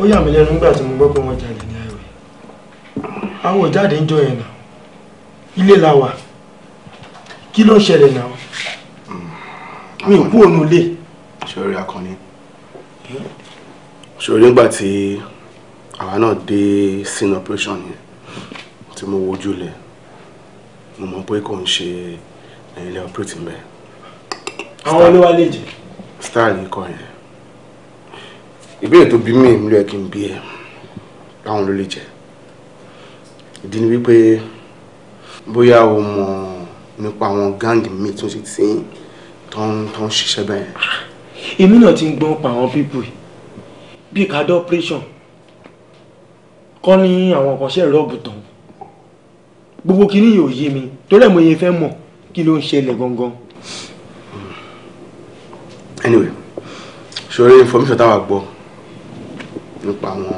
ó yà mí lẹ́nu nígbà tí mo gbọ́ pé wọ́n jalè ní àìwé àwọn ò jáde ń jọ yẹn náà ilé la wà kí ló ń ṣẹlẹ̀ náà mi ò kú òun lè. sori akọni sori nígbà tí àwa náà dé sin operation yẹn tí mo wojú lẹ mo mọ pé kò ń ṣe eh, ilé operating bẹ́ẹ̀. àwọn olówó lè jẹ. star yìí kọ yẹn ìbéèrè tó bí mi ìmúlò ẹ kí n bí ẹ báwọn ló lè jẹ ìdí ni wípé bóyá o mọ. Mo nípa àwọn gáǹgì mi tó ti ti tó ń ṣiṣẹ́ bẹ́ẹ̀. Ah, èmi náà ti ń gbọ́n pa àwọn pípù bíi kádọ́ operation kọ́ ní àwọn kan ṣe rọ́ọ̀bù tán gbogbo kìíní yóò yé mi torí ẹ̀ mo yẹn fẹ́ mọ̀ kí ló ń ṣẹlẹ̀ gangan. anyway ṣòro information táwa gbọ́ nípa àwọn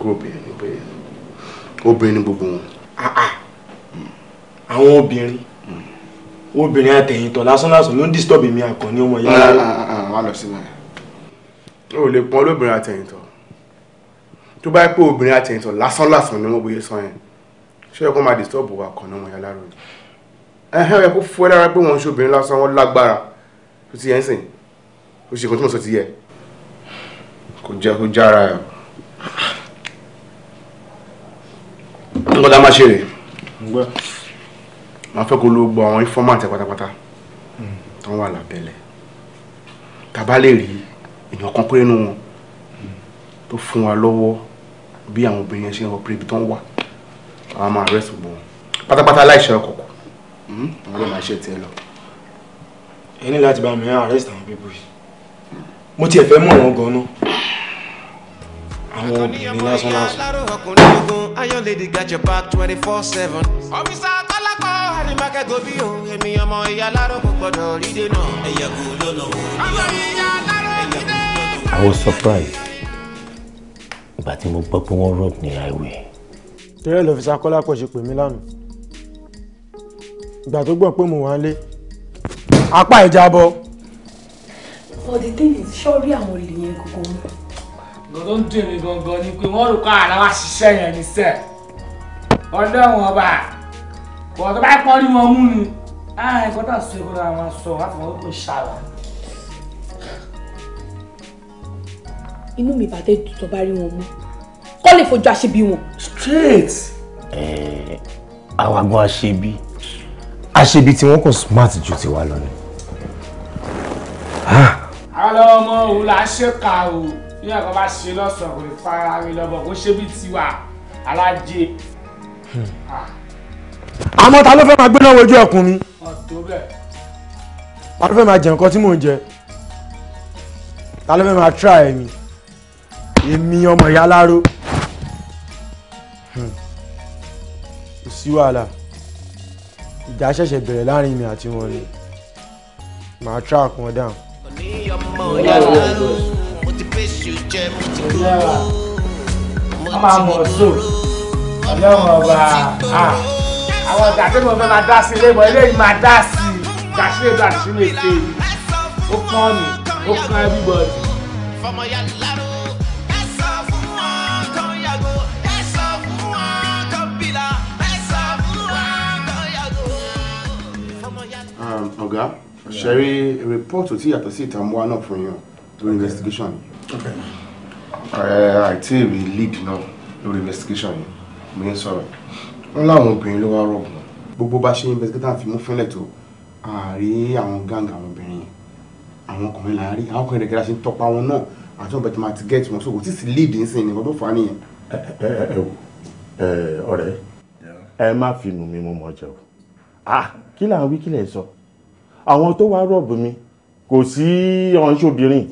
group yẹn ni pé obìnrin ni gbogbo wọn. Ah, ah. àwọn obìnrin obìnrin àtẹ̀yìntọ̀ lásánlásán ló ń disturb mi àkànní ọmọ ìyá rẹ. wà á lọ sílẹ̀ o ò lè pọn olóbìnrin àtẹ̀yìntọ̀ tó bá yẹ pé obìnrin àtẹ̀yìntọ̀ lásánlásán ni wọ́n bóyá sọ yẹn ṣé ẹ kó máa disturb wa àkànní ọmọ ìyá láròyìn ẹ̀hẹ́ ẹ kó fún ẹ lára pé wọ́n ń ṣe obìnrin lásán wọn lágbára tó ti yẹn sìn ó ṣe kan tí mo sọ ti yẹ kò jẹ́ kó jára ẹ̀ nǹkan tá a máa ṣe rèé máa fẹ́ kó ló gbọ́ àwọn informant pátápátá tán wà lábẹ́lẹ̀ tàbá lè rí èèyàn kan péré nù wọn tó fún wa lọ́wọ́ bí àwọn obìnrin yẹn ṣe ń ọpẹ́ ibi tán wà àwọn máa rẹ́sì gbọ́ wọn pátápátá láìṣe ọkọ̀ọ̀kọ̀ hmm? àwọn lè máa tiẹ̀ lọ. ẹ ní láti bá mi arrest àwọn people yìí mo tiẹ̀ fẹ́ mọ̀ wọ́n gan-an àwọn obìnrin lásán lásán ní mákẹ́ gòbí o èmi ọmọ ìyá láró kò gbọdọ̀ rí dènà ẹ̀yẹ kò lọ́nà o. ọmọ ìyá láró ti dé. I was surprised ìgbà tí mo gbọ́ pé wọ́n rob ní highway. eré lọ́fíìsà kọ́lápọ̀ ṣe pè mí lánàá ìgbà tó gbọ́ pé mo wà lé apá ìjà bọ. for the thing is sọ́ọ́rí àwọn olè yẹn gbogbo mú. nǹkan tó ń dùn mí gangan ni pé wọ́n rò pé àlàáfà ṣiṣẹ́ yẹn ní sẹ́ẹ̀ ọdọ́ wọn bá bọ̀ tó bá pọ́n rí wọn mú ni ẹ̀kọ́ tá a sọ ẹ̀kọ́ náà máa sọ láti wọ́n kò ṣàrà. inú mi bàtẹ́ tó bá rí wọn mú kọ́ lè fojú aṣebi wọn. straight. ẹ eh, ẹ àwa gan aṣebi aṣebi tí wọn kò smart ju tiwa lọ ni. Ah. àwọn ọmọ òun là ń ṣèkà o bí ẹ̀kọ́ bá ṣe lọ́sàn-án kò lè fara rí lọ́bọ̀ kó ṣe bí tiwa alájẹ. Hmm. Ah àmọ́ ta ló fẹ́ máa gbéná wojú ẹkùn mi ta ló fẹ́ máa jẹ nǹkan tí mò ń jẹ ta ló fẹ́ máa tra ẹ̀mí èmi ọmọ ìyá aláró hmm. kò sí wàhálà ìjà ṣẹ̀ṣẹ̀ bẹ̀rẹ̀ láàrin mi àti wọn ni màá track wọn down. òní ọmọ ìyá aláró mo ti fèsì jẹ àwọn ọ̀gá tí mo fẹ́ máa dá sí ilé ìmọ̀ eléyìí máa dá sí i dàṣílẹ̀ dàṣílẹ̀ ètè yìí ó kàn mí ó kàn everybody. Um, ọ̀gá ṣe rí rìpọ́ọ̀tù tí yàtọ̀ sí ìtàmúwá náà fún yín lórí investigation yìí àìtí rí lead náà lórí investigation yìí mi ń sọ̀rọ̀ wọ́n láwọn obìnrin ló wá rọ̀gùn gbogbo bá ṣe investigator fi mú fúnlẹ̀ tó ààrí àwọn gáǹgà àwọn obìnrin àwọn ọkùnrin là ń rí àwọn ọkùnrin rẹ̀gẹ́dá ṣe ń tọpa wọn náà àti ọ̀bẹ tó máa ti gẹ́ẹ̀tì wọn sókò títí lead nsìn nìkan tó fà á nìyẹn. ẹ ẹ ẹ ọ̀rẹ́ ẹ má fi nù mí mo mọ jẹ o ah kí là ń wí kí lẹ sọ àwọn tó wá rọ̀bù mi kò sí ọ̀nṣobìnrin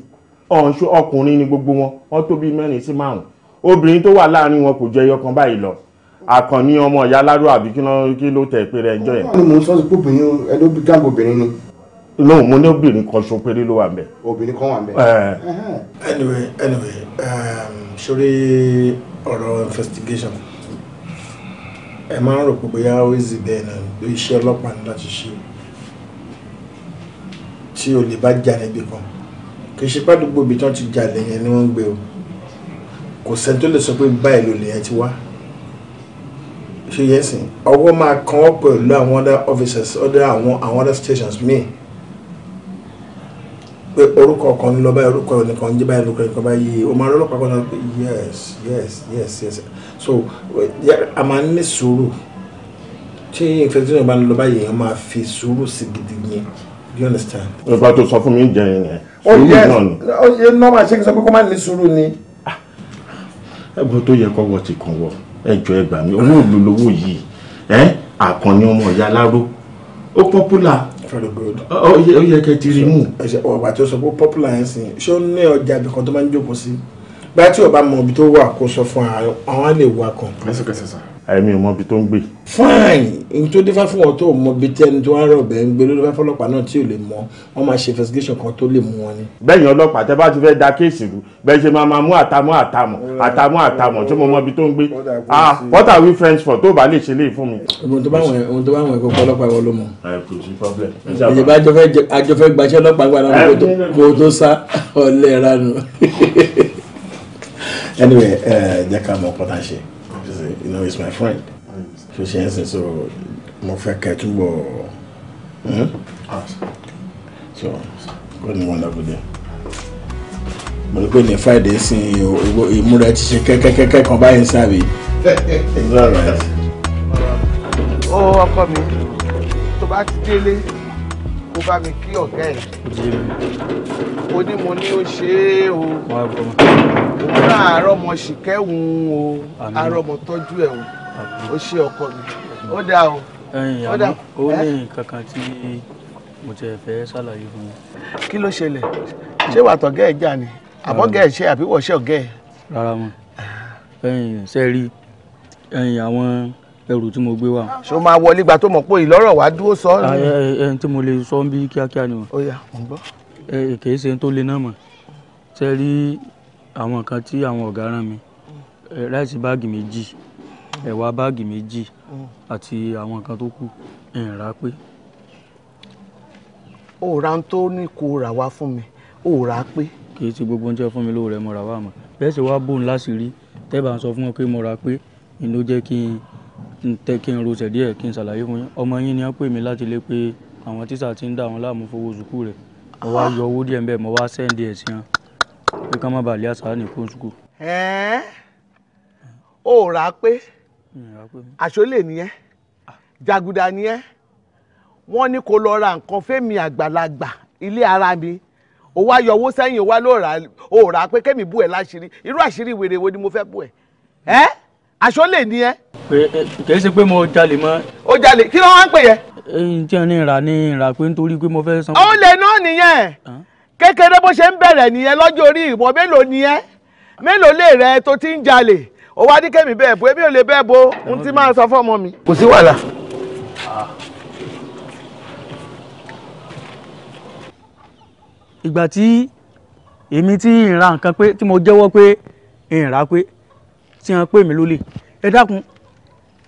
ọ̀nṣọ ọkùnrin ni gbogbo wọn wọn tó bíi mẹ́rin sí márùn-ún obìnrin tó wà láàrin wọn kò jẹ ẹyọ báyìí lọ àkànní ọmọ ìyá aláró àbí kí ló tẹ̀ pé rẹ̀ ń jọ yẹn. wọ́n ní mò ń sọ́sí pòbìnrin ẹni ó bí gáàgò obìnrin ni. no mo ní obìnrin kan ṣo péré ló wà ń bẹ. obìnrin kan wà ń bẹ. anyway anyway um, sórí ọ̀rọ̀ investigation ẹ máa ń rò pé bóyá ó easy bẹ́ẹ̀ náà ló iṣẹ́ ọlọ́pàá ní láti ṣe tí o lè bá jà níbi kan kì í ṣe pàdúgbò ibi tí wọ́n ti jà lẹ́yìn ni wọ́n ń gbé o kò sẹ́ni tó lè sọ pé báyìí lò lè yẹn ti wá ṣe yẹn sìn ọwọ́ máa kàn ọ́ pẹ̀lú àwọn other officers other àwọn other stations míì pé orúkọ kan ń lọ báyìí orúkọ nìkan jẹ́ báyìí orúkọ nìkan báyìí o máa lọ́lọ́pàá kan náà pé yes yes yes yes so a máa ní sùúrù tí infection bá ń lọ báyìí èèyàn máa fi sùúrù sí gidi yẹn you understand. nípa tó sọ fún mi jẹ yẹn yẹn oh, sùúrù náà ni. ó oh, yẹ normal ṣé kí n sọ pé kó má ní sùúrù ni. Ah, ẹ̀bùn tó yẹ kọ́ wọ́ ti kàn wọ́ ẹjọ ẹgbà mi owó ìlú lówó yìí ẹ àkànní ọmọ ìyá aláró ó pọ́pùlà ó yẹ kẹ́ ti rí mú. ẹsẹ ọba tí ó sọ pé pọ́pùlà yẹn sìn ṣé ó ní ọjà ibì kan tó máa ń jókòó sí bá tí ọba mọ ibi tó wà kó sọ fún àwọn àwọn wà kan. ẹsẹ kẹsẹ sàn ẹ̀mí ò mọ ibi tó ń gbé. fine ohun tó dífá fún wọn tó mọ ibi tẹni tó ń rọbẹ ń gbé ló dífá fọlọ́pàá náà tí ò lè mọ wọn máa ṣe investigation kan tó lè mú wọn ni. bẹ́ẹ̀ni ọlọ́pàá tẹ́ bá ti fẹ́ da kéèsì rú bẹ́ẹ̀ ṣe máa máa mú àtàmú àtàmọ̀ àtàmú àtàmọ̀ tí mo mọ ibi tó ń gbé. ah what are we friends for tó bá lè ṣe léyìí fún mi. ohun tó bá wọn ohun tó bá wọn ẹ̀kọ́ ọlọ́pàá ìwọ ló mọ̀. ìjọba àjọfẹ́ gbaṣẹ́ ọlọ́pàá gbà náà kó tó sá ọ̀lẹ́ ranu. anyway jẹ́ ká mọ̀ pọ́tà ṣe you know he's my friend so she ń sìn so mo fẹ́ kẹ́ túbọ̀ hmm? so good and wonderful day But rí pé ní friday sin ìmúra ti ṣe kẹ́kẹ́kẹ́kẹ́ kan báyìí sábì it's all right. ó ọkọ mi tó bá ti délé kó bá mi kí ọ̀gá ẹ̀. ó ní mo ní ó ṣe é o. òwúrọ̀ àárọ̀ mọ ṣìkẹ́hùn o àárọ̀ mọ tọ́jú ẹ̀ o ó ṣe ọkọ mi ó dáa o. ó dáa ó ní nǹkan kan tí mo ti fẹ́ ṣàlàyé fún mi. kí ló ṣẹlẹ̀ ṣé wàá tọ̀gá ẹ̀ jà ni àbọ̀gá ẹ̀ ṣe àbíwọ̀ṣẹ́ ọ̀gá ẹ̀. rárá mo ṣe rí àwọn ẹrù tí mo gbé wá. ṣó máa wọlé gba tó mọ̀ pé ìlọ́rọ̀ wá dúró sọ. ẹ ẹ tí mo lè sọ ń bí kíákíá ni o. ó yá mo gbọ́. ẹ kì í ṣe tó le náà mọ̀ ṣe rí àwọn kan tí àwọn ọ̀gá rán mi ráìsì báàgì méjì ẹ̀wà báàgì méjì àti àwọn nǹkan tó kù ẹ̀ ń rà pé. ó ra ohun tó ní kó rà wá fún mi ó rà pé. kì í ṣe gbogbo oúnjẹ fún mi lóore mo rà wá mọ̀ bẹ́ẹ̀ sì wá bóun láṣìírí tẹ́ bá ń sọ fún wọn pé mo rà pé ni jẹ́ kí n ń tẹ́ kí n rosẹ̀ díẹ̀ kí n ṣàlàyé fún yín ọmọ yín ni wọ́n pè mí láti lé pé àwọn tíṣà ti ń dà wọn láàmú fowó sùkúù rẹ̀ mo wá yọ owó díẹ̀ ńbẹ̀ mo wá sẹ́ǹdì ẹ̀ sí wọn pé ká má bàa lé àṣà nìkún sùkúù. ẹ̀ẹ́n ó rà á pé àṣọlẹ̀ nìyẹn jàgùdà nìyẹn wọ́n ní kó lọ ra nǹkan fẹ́mi àgbàlagbà ilé ara mi ó wá yọ owó sẹ́yìn ó wá ló rà á pé kẹ́mi bú ẹ̀ láṣìírí irú àṣírí wèrè wo ni mo fẹ́ bú ẹ̀ ẹ́ aṣọ lè ní ẹ. kìí ṣe pé mo jalè mọ́. ó jalè kí ló wá ń pè yẹ. ǹjẹ́ ní ìrà ní ìrà pé nítorí pé mo fẹ́ san. ó lè náà nìyẹn kékeré bó ṣe ń bẹ̀rẹ̀ nìyẹn lọ́jọ́ orí ìwọ mélòó nìyẹn mélòó lè rẹ tó ti ń jalè ó wá ní kẹ́mi bẹ́ẹ̀ bo èmi ò lè bẹ́ẹ̀ bo ohun tí máa sọ fọ́mọ mi. kò sí wàhálà. ìgbà tí èmi tí ìran kan pé tí mo jẹ́wọ́ pé ìran pé tí wọ́n pè mí lólè ẹ dákun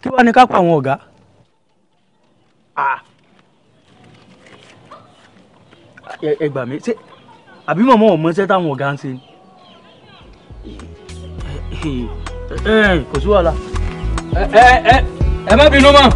kí wàá ní ká pa àwọn ọ̀gá. ẹ gbà mí ṣé àbí mọ̀mọ́ ò mọ́ṣẹ́ táwọn ọ̀gá ń ṣe kò sí wàhálà ẹ ẹ ẹ má bínú mọ́.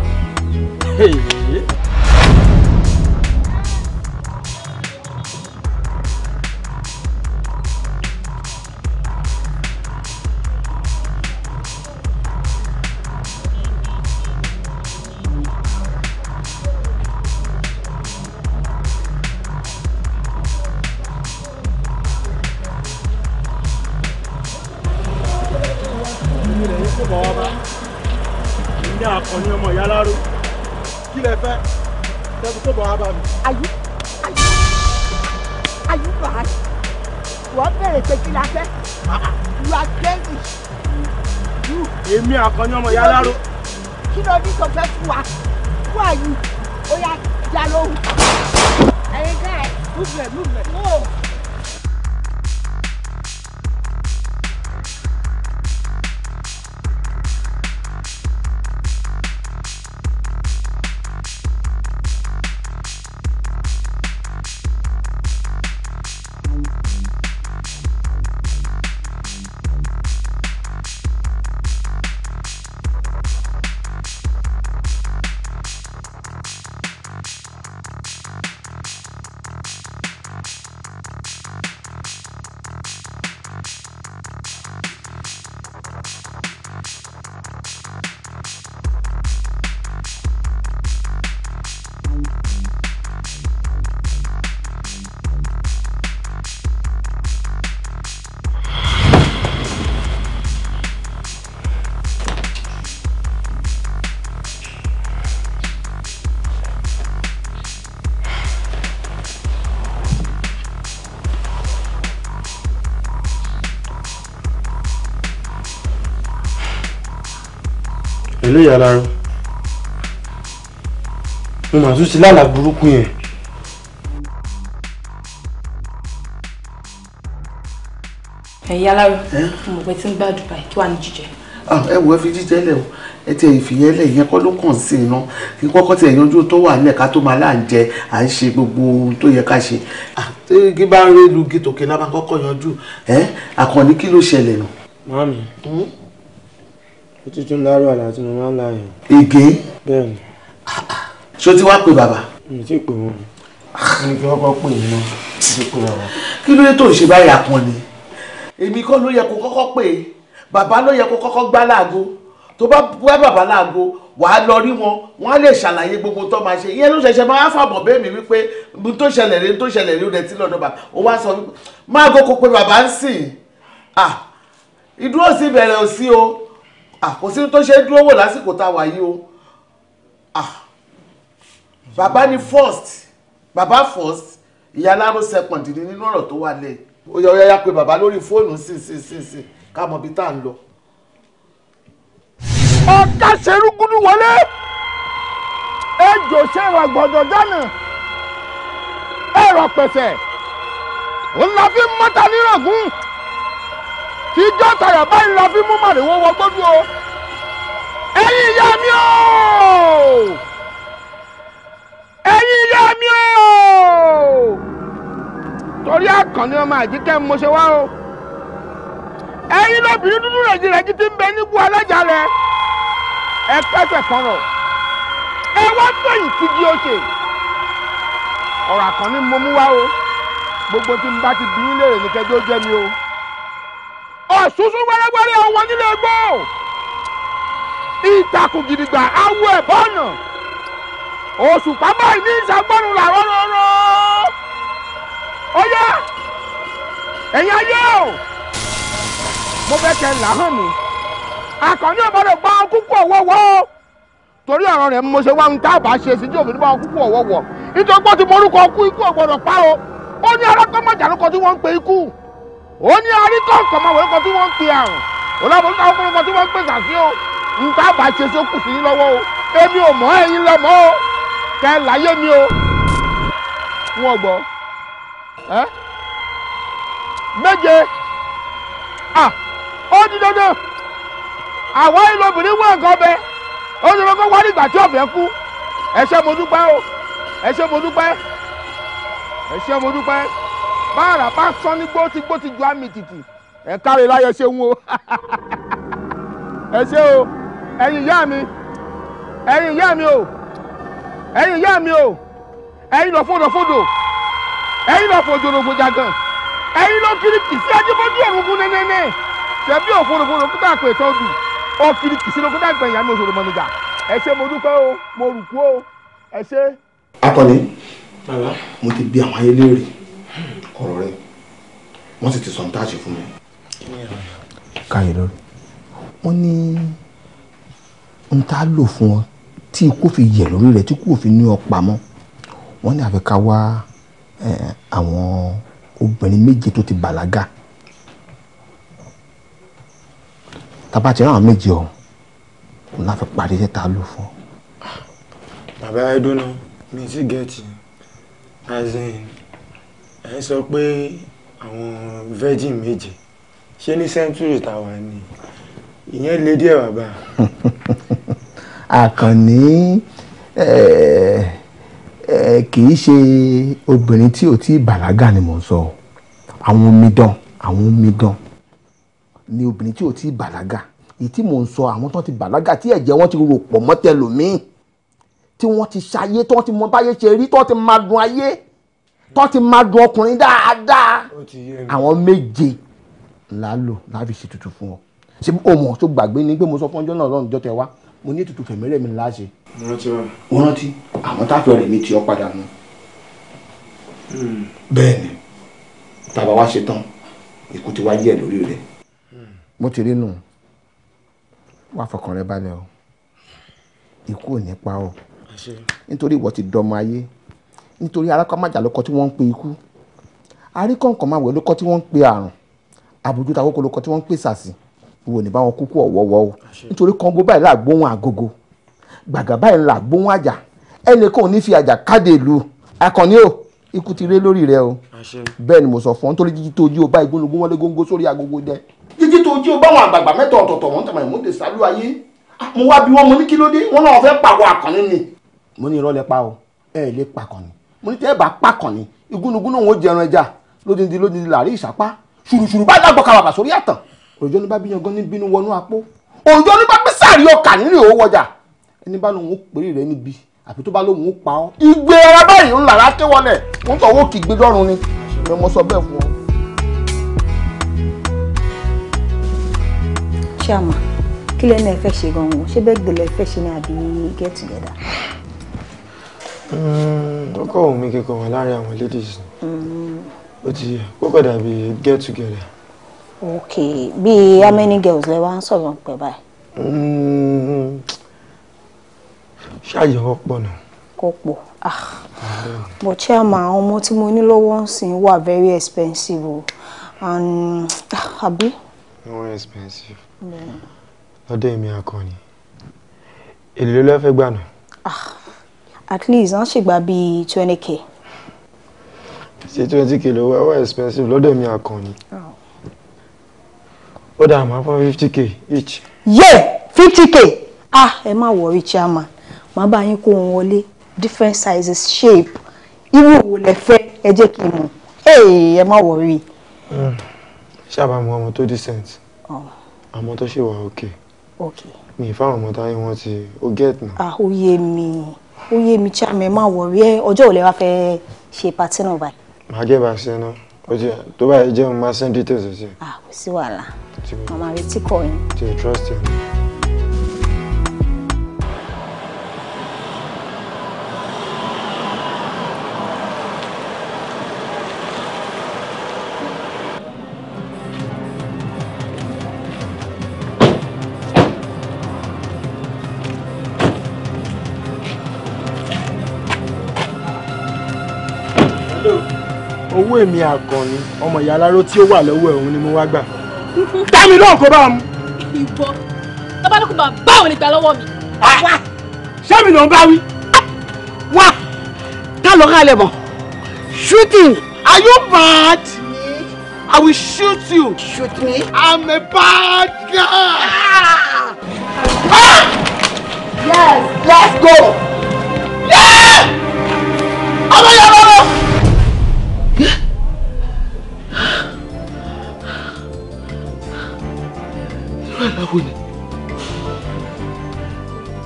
pẹ̀lú ìyá láró mo mà tún ti lálàá burúkú yẹn. ẹ̀yin aláró mo pẹ́ tí ń gbádùn báyìí kí wàá ní jíjẹ. Ah, ẹ wo ẹ fi jíjẹ lẹ o ẹ ti ìfìyẹn lẹ ìyẹn kọ́ ló kàn sí iná kí kọ́kọ́ ti ẹ̀yanjú tó wà nílẹ̀ ká tó máa láà ń jẹ à ń ṣe gbogbo ohun tó yẹ ká ṣe. Ah, kí bá ń rí lu gítòkè lábàá kọ́kọ́ yanjú ẹ àkànní kí ló ṣẹlẹ̀ nù. màámi. Hmm? ó ti tún lárò àlá tí mo máa ń la yẹn. ègé. bẹ́ẹ̀ni. ṣé o ti wá pe bàbá. mi ò tí ì pè wọn. ẹni kí wọ́n kọ́ pè mí náà ti pè bàbá. kí ló dé tó ń ṣe báyìí àpọn ni èmi kọ́ ló yẹ kó kọ́kọ́ pè é bàbá ló yẹ kó kọ́kọ́ gbá láago tó bá wá bàbá láago wàá lọ rí wọn wọn á lè ṣàlàyé gbogbo tó máa ṣe ìyẹn ló ṣẹ̀ṣẹ̀ máa fàbọ̀ bẹ́ẹ̀ mi wípé tó ṣẹlẹ̀ rí tó ṣẹlẹ̀ rí ó dẹ̀ tí lọ́dọ̀ bá ó wá sọ máa gòkò pé bàbá ń sìn ah ìdúró sí bẹ̀rẹ̀ ò sí o kò sí tó ṣe dúró wò lásìkò tá a wà yìí o bàbá ni first bàbá first ìyá aláró second ni nínú ọ̀rọ̀ tó wà lẹ̀ ó yọ ọyá pé bàbá lórí fóònù sí sí sí sí ká mọ̀ bí tá à ń lọ. ọ̀tá ṣerúgúdú wọlé ejò ṣèrò gbọ̀dọ̀ dáná ẹ̀rọ pẹ̀sẹ̀ òun la fi mọ́ta nírọ̀gùn ìjọ tayọ̀ báyìí la fi mú màrìwò wọgbọ́dú o ẹ̀yin ìyá mi o ẹ̀yin ìyá mi o torí àkànní ọmọ àjíkẹ́ mo ṣe wá o ẹ̀yin lóbìnrin dúdú rẹ̀jìrẹ̀jì ti ń bẹ nígbó alájà rẹ ẹ pẹ́pẹ́ kan rọ̀ ẹ wá fẹ̀yìn tí di òkè ọ̀rọ̀ àkànní mo mú wá o gbogbo tí n bá ti bí yín léèrè ní kẹjọ́ jẹ́ mi o ọ̀ṣunṣun wẹ́rẹ́wẹ́rẹ́ ọwọ́ nílé gbó ìtàkùn gidigba awo ẹ̀bọ́ ọ̀nà oṣù pápá ìní ìṣàgbọ́nù làwọn rọrọ ó yá ẹ̀yin ayé o mo fẹ́ kẹ́ làhán mi akànní ọ̀bọ̀dọ̀ gba kúkú ọ̀wọ́wọ́ torí ọ̀rọ̀ rẹ̀ mo ṣe wá ń dábà ṣe sí ní òfin bá kúkú ọ̀wọ́wọ́ nítorí pé ó ti morúkọ kú ikú ọ̀gbọ̀dọ̀ pa o ó ní alákọ̀ọ́mọ̀jà lóko tí wọ́n ń pe ikú ó ní aríkọ̀ọ̀kọ̀ máa wọlé kan tí wọ́n ń pe àrùn olóòbòrò kan kúrò kan tí wọ́n ń pèsè àti o nǹkan àbá ṣe sí òkùnfì yín lọ́wọ́ o èmi ò mọ̀ ẹ̀yin lọ́mọ o kẹ láyé mi o wọn gbọ́ ẹ méje à ó di dandan àwọn ìlú obìnrin wọ nǹkan bẹ ó ní wọn kó wá nígbà tí ọ̀fẹ́ kú ẹ ṣé mo dúpẹ́ o ẹ ṣé mo dúpẹ́ ẹ ṣé mo dúpẹ́ báàrà bá sán ní gbó tí ju àmì tìtì ẹ káre láyọ̀ ṣe ń wo ẹ ṣe o ẹ̀yin ìyá mi ẹ̀yin ìyá mi o ẹ̀yin ìyá mi o ẹ̀yin lọfọdọfọdọ ẹ̀yin lọfọdọfọdọgàn ẹ̀yin lọ kiri kì sí òrùngún nẹnẹnẹ tẹbí òfòròfòrò kúta àpè tọdù ó kiri kì sí kúta àgbẹ̀yìn àmì òṣòro mọ́nìjà ẹ ṣe mo dúpẹ́ o mo rùkú o ẹ ṣe. akọni mo ti bí àwọn ayé léèrè ọ̀rọ̀ rẹ wọ́n sì ti sọ nǹkan àṣẹ fún mi. káyé lórí wọ́n ní n ta lò fún ọ tí ikú fi yẹ lórí rẹ tí ikú fi ní ọ pamọ́ wọ́n ní àfi ká wá àwọn obìnrin méje tó ti bàlágà tàbá ti ráwọn méje ọ̀hún kò náà parí iṣẹ́ tá lò fún ọ. bàbá ẹdùnú mi ti gẹ̀ẹ́tì ẹ sọ pé àwọn virgin méje ṣé ní century tàwa ni ìyẹn lè díẹ̀ bàbá. àkànní kì í ṣe obìnrin tí ò tí bàlágà ni mò ń sọ àwọn omidan àwọn omidan ni obìnrin tí ò tí ì bàlágà èyí tí mò ń sọ àwọn tó ti bàlágà tí ẹ̀jẹ̀ wọn ti rò pọ̀ mọ́ tẹlòmíì tí wọ́n ti ṣayé tí wọ́n ti mọ báyé ṣe rí tí wọ́n ti máa dùn ayé tó ti máa dùn ọkùnrin dáadáa àwọn méje là á lò láti ṣe tutù fún ọ ṣé o mọ̀ tó gbàgbé ni pé mo sọ fọ́njọ́ náà lọ́nà jọ́tẹ̀ wá mo ní tutù fẹ̀mí mi là mo rántí wa. mo rántí àwọn táfẹ́ rẹ̀ mi ti ọ́ padà nù. Hmm. bẹ́ẹ̀ ni tàbá wá ṣe tán ikú ti wá jẹ́ lórí rẹ̀. Hmm. mo ti rí nù wá fọkàn rẹ balẹ̀ o ikú ò ní pa ọ́ nítorí ìwọ ti dọmọ ayé nítorí arákọ́májà ló kọ tí wọ́n ń pe ikú aríkọ̀ǹkọ̀máwẹ̀ ló kọ tí wọ́n ń pe àrùn àbójútó àkókò ló kọ tí wọ́n ń pe sàsì wò ní báwọn kúkú ọ̀wọ́wọ́ o nítorí kọ́ńgó báyìí làgbóhùn àgógó gbàgà báyìí làgbóhùn àjà ẹnìkan ò ní fi àjà káde ìlú akọni o ikú ti ré lórí rẹ o bẹ́ẹ̀ ni mo sọ fún ọ nítorí jíjí tó jí o bá igbónugún wọlé góńgó sórí agogo jẹ jíjí tó jí o báwọn àgbààgbà mẹ́ta ọ̀tọ̀ọ̀tọ̀ wọn tàbí àìmọ̀dé sálú ayé ah, mo wá bí wọn mo ní kí ló dé wọn náà fẹ́ pàwọ́ àkànní ni. mo ní irọ́ lẹ pa o ẹ ẹ lè pa àkànní mo ní tẹ́ ẹ bá pàkàn ni igúnnugún náà wọ́n jẹran ẹja lódindi lódindi làárí ìsapá ṣùrùṣùrù bá dàgbọ́ kàwàbà sórí àtàn òjò ní bá bí yangàn ní bínú wọnú apó òjò ní bá bí sàárì ọkà nílé òwò wọjà ẹni bá lóun ó péré rẹ níbi àfi tó bá lóun ó pa ọ. ìgbé ara báyìí ńlá láti wọlé wọn tọwọ kì í gbé dọrùn ni ṣùgbọ́n mo sọ bẹ́ẹ̀ fún ọ. ṣé àmà kí lẹ́nu ẹ ṣe gan-an ṣé bẹ́ẹ̀ gbèlè ẹ ṣe ní àbí get together. Mm, ọkọ òun mi kíkan wà láàrin àwọn ladies mm. ó ti yẹ kó kọ̀ dàbí get together. ok bí how many girls lẹ wá ń sọ̀rọ̀ ń pẹ̀ báyìí. Mm. ṣàyẹ̀wò pọ̀ nù. kò pọ̀ ah but chairman àwọn ọmọ tí mo ní lọ́wọ́ ń sìn wà very expensive o and ah, àbí. Very expensive. lọ́dọ̀ èmi akọni èlò ló fẹ́ gbà nù. ah at least wọ́n ṣègbà bíi twenty k. ṣe twenty k lówó ẹwà expensive lọ́dọ̀ mi àkànni oh. ó dà máa fún fifty k each. yé fifty k ah ẹ má wọrí chairman màá bá yín kó wọn wọlé different sizes shape irú òwò lẹ fẹ́ ẹ jẹ́ kí n mọ̀ ẹ má wọrí. Hmm. ṣàbàmù ọmọ tó decent àmọ́ oh. tó ṣe wà okay mi ìfáwọn ọmọ táyé wọn ti ó get na. ah ó yé mi ó yé mi chá mi má wọ̀rí ẹ ọjọ́ òlẹ́wà fẹ́ ṣe pàtí náà báyìí. màá gé bàá sí ẹ náà ó ti tó báyìí jẹun máa send details sí ah kò sí wàhálà màmá retí kọ yín. to trust you. èmi àgànni ọmọ ìyá aláró tí ó wà lọ́wọ́ ẹ̀hún ni mo wá gbà. dá mi náà kó bá mu. ìwọ tọ́bálùkù bá báwo ni gbà lọ́wọ́ mi. Ah! ṣé mi ló bá wí. wá tá ló halẹ̀ mọ́ shooting are you mad? I will shoot you. Shoot me? I'm a bad guy. Ah! ah! Yes, let's go. Yeah! Oh my God, oh my God. aláwo ni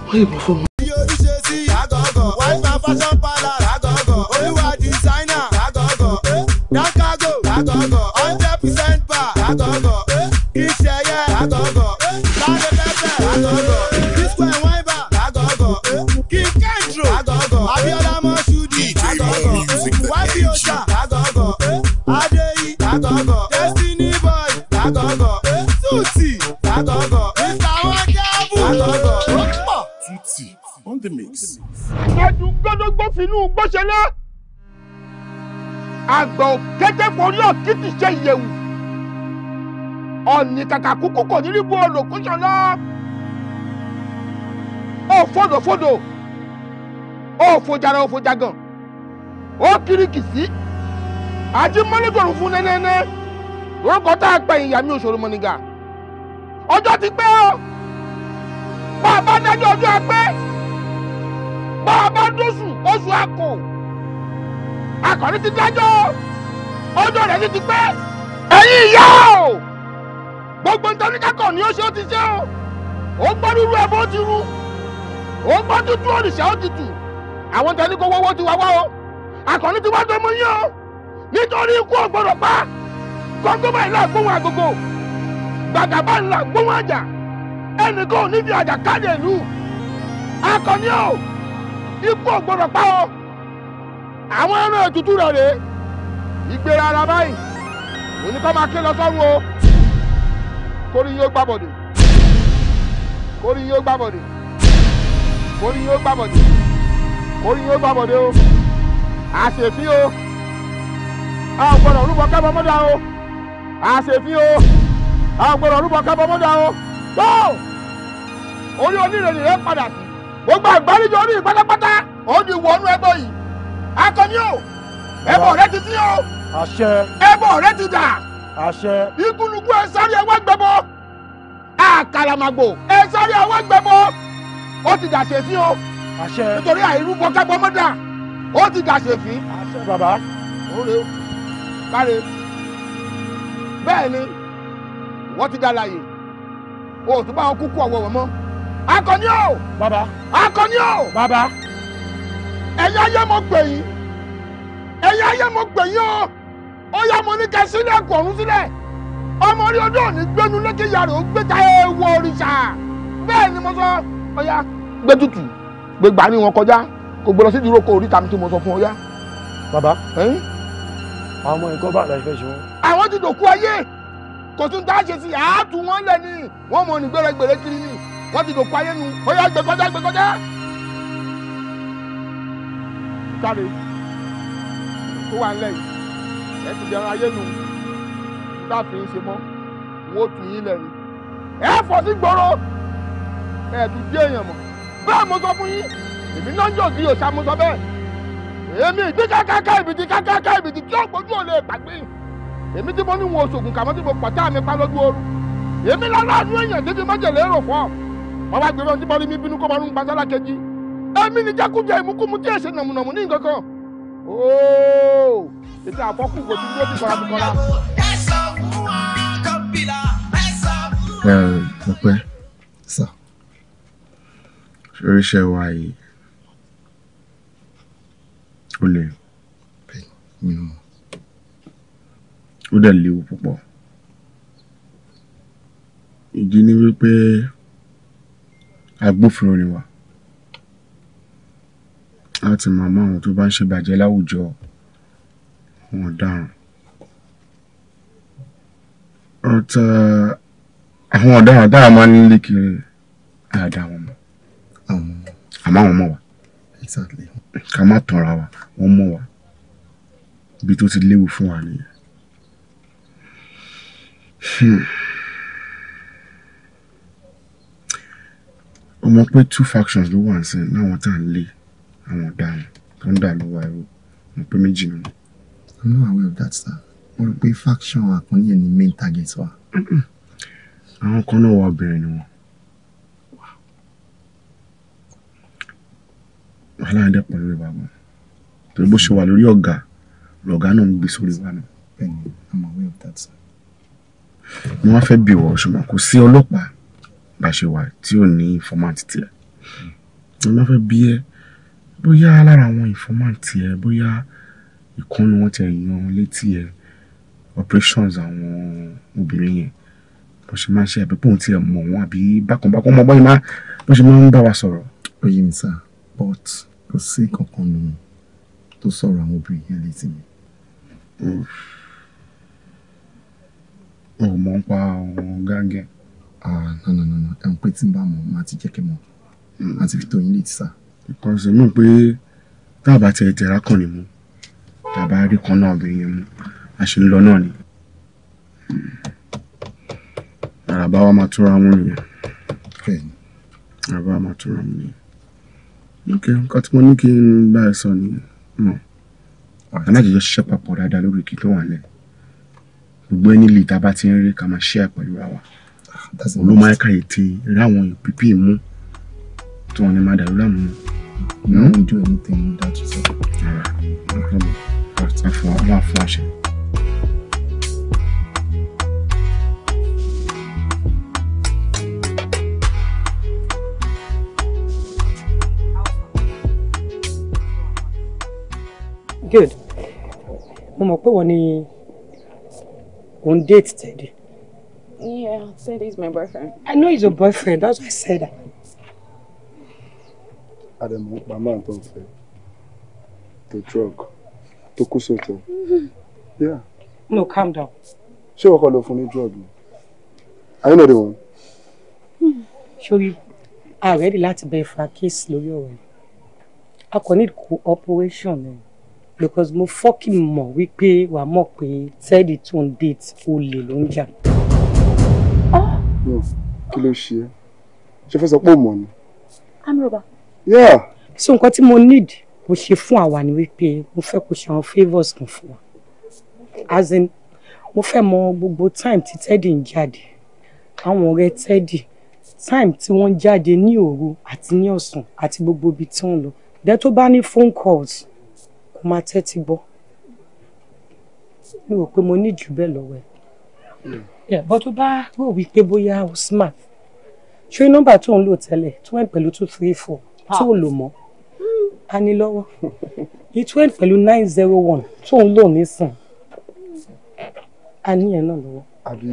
wọ́n yìnbọn fún wọn. iye oríṣi sí àgọ́gọ́ wáìmà fashion parlour àgọ́gọ́ olúwa designer àgọ́gọ́ dankago eh? àgọ́gọ́ hundred percent bar àgọ́gọ́ eh? ìṣẹ̀yẹ àgọ́gọ́ lálẹ́ eh? pẹ́pẹ́ àgọ́gọ́ disco wine bar àgọ́gọ́ king kendro àgọ́gọ́ abiola mọ́ṣúdì àgọ́gọ́ wábíọ́sà àgọ́gọ́ adéyí àgọ́gọ́. Party on the mix. Àjù gbọ́dọ̀gbọ́ finú gbọ́sẹ̀lẹ̀. Àgbà òkété forí òkìtì ṣe ìyẹ̀wù. Ọ̀nì kàkà kúkú kò ní ríbu olùkúṣọ̀lá. Ó fòdòfòdò. Ó fojàrà ó fojàgàn. Ó kirikìsí. Àjí mọ́lẹ́dọ̀rù fún nẹ́nẹ́nẹ́. Wọ́n kọ́ tá a gbẹ̀yìn ìyá mi òṣòro mọ́nìgà. Ọjọ́ ti pẹ́ ọ́ bá a bá dájọ́ ọjọ́ apẹ́ bá a bá dóṣù oṣù akọ akọni ti dájọ́ ọjọ́ rẹ̀ sì ti pẹ́ ẹ̀yin ìyá o gbogbo nítorí kákọ̀ ni ó ṣe ó ti ṣe o ó gbọ́ rúru ẹ̀ bó ti rú ó gbọ́ tútú òrìṣà ó ti tù àwọn tẹ̀lé kó wọ́wọ́ ti wá wá o akọni ti wá tó mú yín o nítorí ikú ò gbọdọ̀ pa kọ́ńtò báyìí là gbóhùn àgógó gbàgàbá là gbóhùn àjà ẹnìkan ò ní fi àjàkálẹ̀ ìlú akọni o ikú ò gbọdọ̀ pa o àwọn ẹran ètùtù rẹ̀ rèé ìgbéra ara báyìí òní kọ́ máa ké lọ sọ́run o kórí yóò gbàbọ̀dé kórí yóò gbàbọ̀dé kórí yóò gbàbọ̀dé kórí yóò gbàbọ̀dé o àṣèfín o a ò gbọdọ̀ rúbọ kábọ̀ mọ́dà o àṣèfín o a ò gbọdọ̀ rúbọ kábọ̀ mọ́dà o tó orí onírèrè rẹ padà sí gbogbo àgbáríjọ orí pátápátá ó di wọnú ẹbọ yìí akọni o ẹbọ rẹ ti sí o àṣẹ ẹbọ rẹ ti dà àṣẹ ikúlùkù ẹ sáré ẹwà gbẹbọ àkàràmàgbò ẹ sáré ẹwà gbẹbọ ó ti dà ṣe sí o àṣẹ nítorí àìrúbọ kẹbọ mọdà ó ti dà ṣe sí. àṣẹ bàbá. ó rè o káre bẹ́ẹ̀ ni wọ́n ti dá láàyè o ò tún bá wọn kúkú ọ̀wọ̀wọ̀ mọ́ akọni o. bàbá. akọni o. bàbá. ẹ̀yin ayé mo gbè yín ẹ̀yin ayé mo gbè yín o ó mo ní kẹ sílẹ̀ kọ̀ọ̀rún sílẹ̀ ọmọ orí ọdún òní gbénu lékè yàrá ó gbé ta ewu òrìṣà bẹ́ẹ̀ ni mo sọ ó yá tutù gbé gbà ní wọn kọjá kò gbọdọ̀ sí ìdúró kó oríta mi tí mo sọ fún ọ yá. àwọn nǹkan bá àlàyé fẹ́ ṣe wọn. àwọn ti dòkú ayé kò tún tá a ṣe sí àátú wọn lẹ ni wọn mọ ní gbèrègbèrè kiri ni wọ́n ti dòkú ayé nu ó yà gbẹgbọdá gbẹgbọdá. káre tó wà nílẹ̀ yìí ẹ ti jẹun ayé nu bá fi ń ṣe mọ́ wọ́n ó tù yín lẹ́yìn. ẹ fọ́ sí gbòòrò ẹ tún dé èèyàn mọ̀ bẹ́ẹ̀ mo sọ fún yín èmi náà ń jò sí òòṣà mo sọ bẹ́ẹ̀ èmi ìdí kákáká ìbìtì kákáká ìbìtì tí ọ̀gbọ́jú ò lè gbàgbé èmi tí mo ní wọn oṣoògùn kàmọ́ tí mo pọ̀ tá àmì pa lójú ooru èmi lọ́lọ́ọ̀dún èèyàn títí mọ́jẹ̀lẹ́ rò fọ́ wọ́n wá gbèrò ọtíbọ̀rí mi bínú kó mọ̀rún gbàtà lákejì èmi ní jákújẹ ìmúkúmu tí èsè nàmùnàmù ní nǹkan ooo ètò àfọ́kù kò tún dúró ti kọ́ra ti kọ́ra. ẹ ẹ ọpẹ́ sà ṣoríṣẹ wa yìí ó lè bẹ nínú ó dẹ̀ léwu púpọ̀ ìdí ni wípé agbófinró ni wá láti máa mú àwọn tó bá ń ṣèbàjẹ́ láwùjọ àwọn ọ̀daràn ọ̀tá àwọn ọ̀daràn táwọn máa ń lé kiri dáadáa wọn mọ̀ àmọ́ àwọn mọ̀ wá ká má tanra wa wọ́n mọ̀ wá ibi tó ti léwu fún wa nìyẹn. Hmm. ọmọ pé two factions ló wà ń sìn láwọn tá à ń lé àwọn ọ̀daràn tó ń dà lọ́wọ́ ẹ̀rọ ọmọ pé méjì nù. I'm not aware of that sir mo rò pé faction àkànní yẹn ni main target wa. àwọn kan náà wà obìnrin ni wọn. wàhálà ẹ̀dẹ̀ pọ̀ lórí wa gan torí bó ṣe wà lórí ọ̀gá lọ̀gá náà ń gbé sórí wa náà. bẹ́ẹ̀ni I'm aware of that sir. mo wá fẹ́ bí wọ ṣùgbọ́n kò sí ọlọ́pàá bá ṣe wà tí ò ní informant tiẹ̀ mo máa fẹ́ bí ẹ bóyá lára àwọn informant tiẹ̀ bóyá ìkànnì wọn ti yan létí ẹ operations àwọn obìnrin yẹn bó ṣe máa ń ṣe àbípò tí ẹ mọ̀ wọn àbí bákan bákan mọ bóyá bó ṣe máa ń bá wa sọ̀rọ̀. oye mi sá but kò sí kankan nù tó sọ̀rọ̀ àwọn obìnrin yẹn létí mi. o mọ̀ ń pa àwọn gángẹ́ ah no no no no ẹ̀ ń pé tí n bá mọ̀ máa ti jẹ́ kẹ́ mọ̀ hmm. àti fi tó yín létí sá. because mi pé tá a bá tiẹ̀ jẹ̀rá kan ni mu tá a bá rí kan náà obìnrin yẹn mu a ṣe ni àràbá wa máa túra mú ok nǹkan tí mo ní kí n bá ẹ sọ ni hmm. alájọjọ ṣiṣẹ́ papọ̀ dáadáa lórí kí tó wà nílẹ̀ gbogbo ẹni lè ta bá ti ń rí ká máa ṣe ẹ̀ pẹ̀lú ra wa ló máa ka ètè ráwọn ìpínpín mú tí wọn ní máa dàrú láàmú. no hmm? one do anything that you say. no problem. ọlọ́run á fún àṣẹ. good mo mọ̀ pé wọ́n ní òun déètì tẹ̀lé Yeah, I said he's my boyfriend. I know he's your boyfriend. That's why I said that. Adamu, my man don't fail. Eh? The drug. to kusoto. Mm-hmm. Yeah. No, calm down. Ṣé o kò lọ fún ní drug ni? Are you not the one? Hmm. Ṣorí, a ready láti bẹ fracas lórí ọ̀rọ̀ yìí. A kò need cooperation ni. Because mo fọ́kì mọ̀ wípé wàá more pé Said it on date only long ń No, kí ló ṣe é? Ṣé fẹ́ sọ pé ò mọ̀ ni? Amrọ̀bà. Yeah. So nǹkan tí mo need kò ṣe fún àwa ni wípé mo fẹ́ kó ṣe àwọn favours kan fún wa. As in, mo fẹ́ mọ gbogbo time tí Teddy ń jáde. Àwọn ọ̀rẹ́ Teddy, time tí wọ́n jáde ní òru àti ní ọ̀sán àti gbogbo ibi tí wọ́n lọ. Dẹ́ tó bá ní phone calls, kò máa tẹ́tí gbọ́. Mi rò pé mo ní jù bẹ́ẹ̀ lọ́wọ́ ẹ̀ bọ́ tó bá rò wípé bóyá o smart ṣé nọ́mbà tó ń lò tẹ́lẹ̀ tó wẹ̀ pẹ̀lú two three four tó lò mọ́ a ní lọ́wọ́ èyí tó pẹ̀lú nine zero one tó ń lò nísìn a ní yẹn náà lọ́wọ́. àbí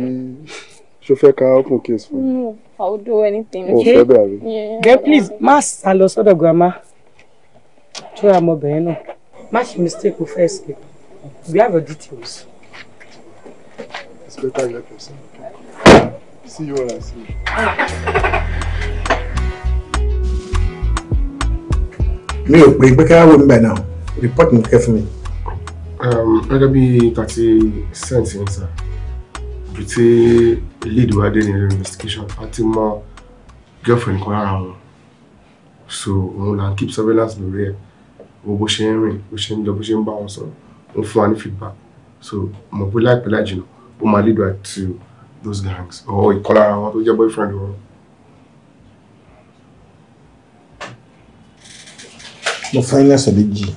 ṣo fẹ́ ka open case fún mi. Mm, I will do anything. o fẹ́ bẹ̀ àbí. girl please má sá lọ sọ́dọ̀ grandma tó ra ọmọbìnrin náà má ṣe mistake o fẹ́ ṣe we have your details. It's better left yourself. Okay? See you when I see you. Mi ò pè pé ká wò níbẹ̀ náà, report mi kẹ́ fún mi. Um, gẹ́gẹ́ bí thirty cent ní sà, ibi tí lead wa dé nínú investigation, I think my girlfriend kan around, So òun là ń keep surveillance lórí ẹ̀, wo bó ṣe ń rìn, bó ṣe ń lọ, bó ṣe ń bá wọn sọ̀rọ̀, òun fún wa ní feedback. So mo pé láìpẹ́ láì jìnnà ó máa lead right to those gangs or ìkan lára wọn tó your boyfriend wọn. mo fẹ́ lẹ́sẹ̀ méjì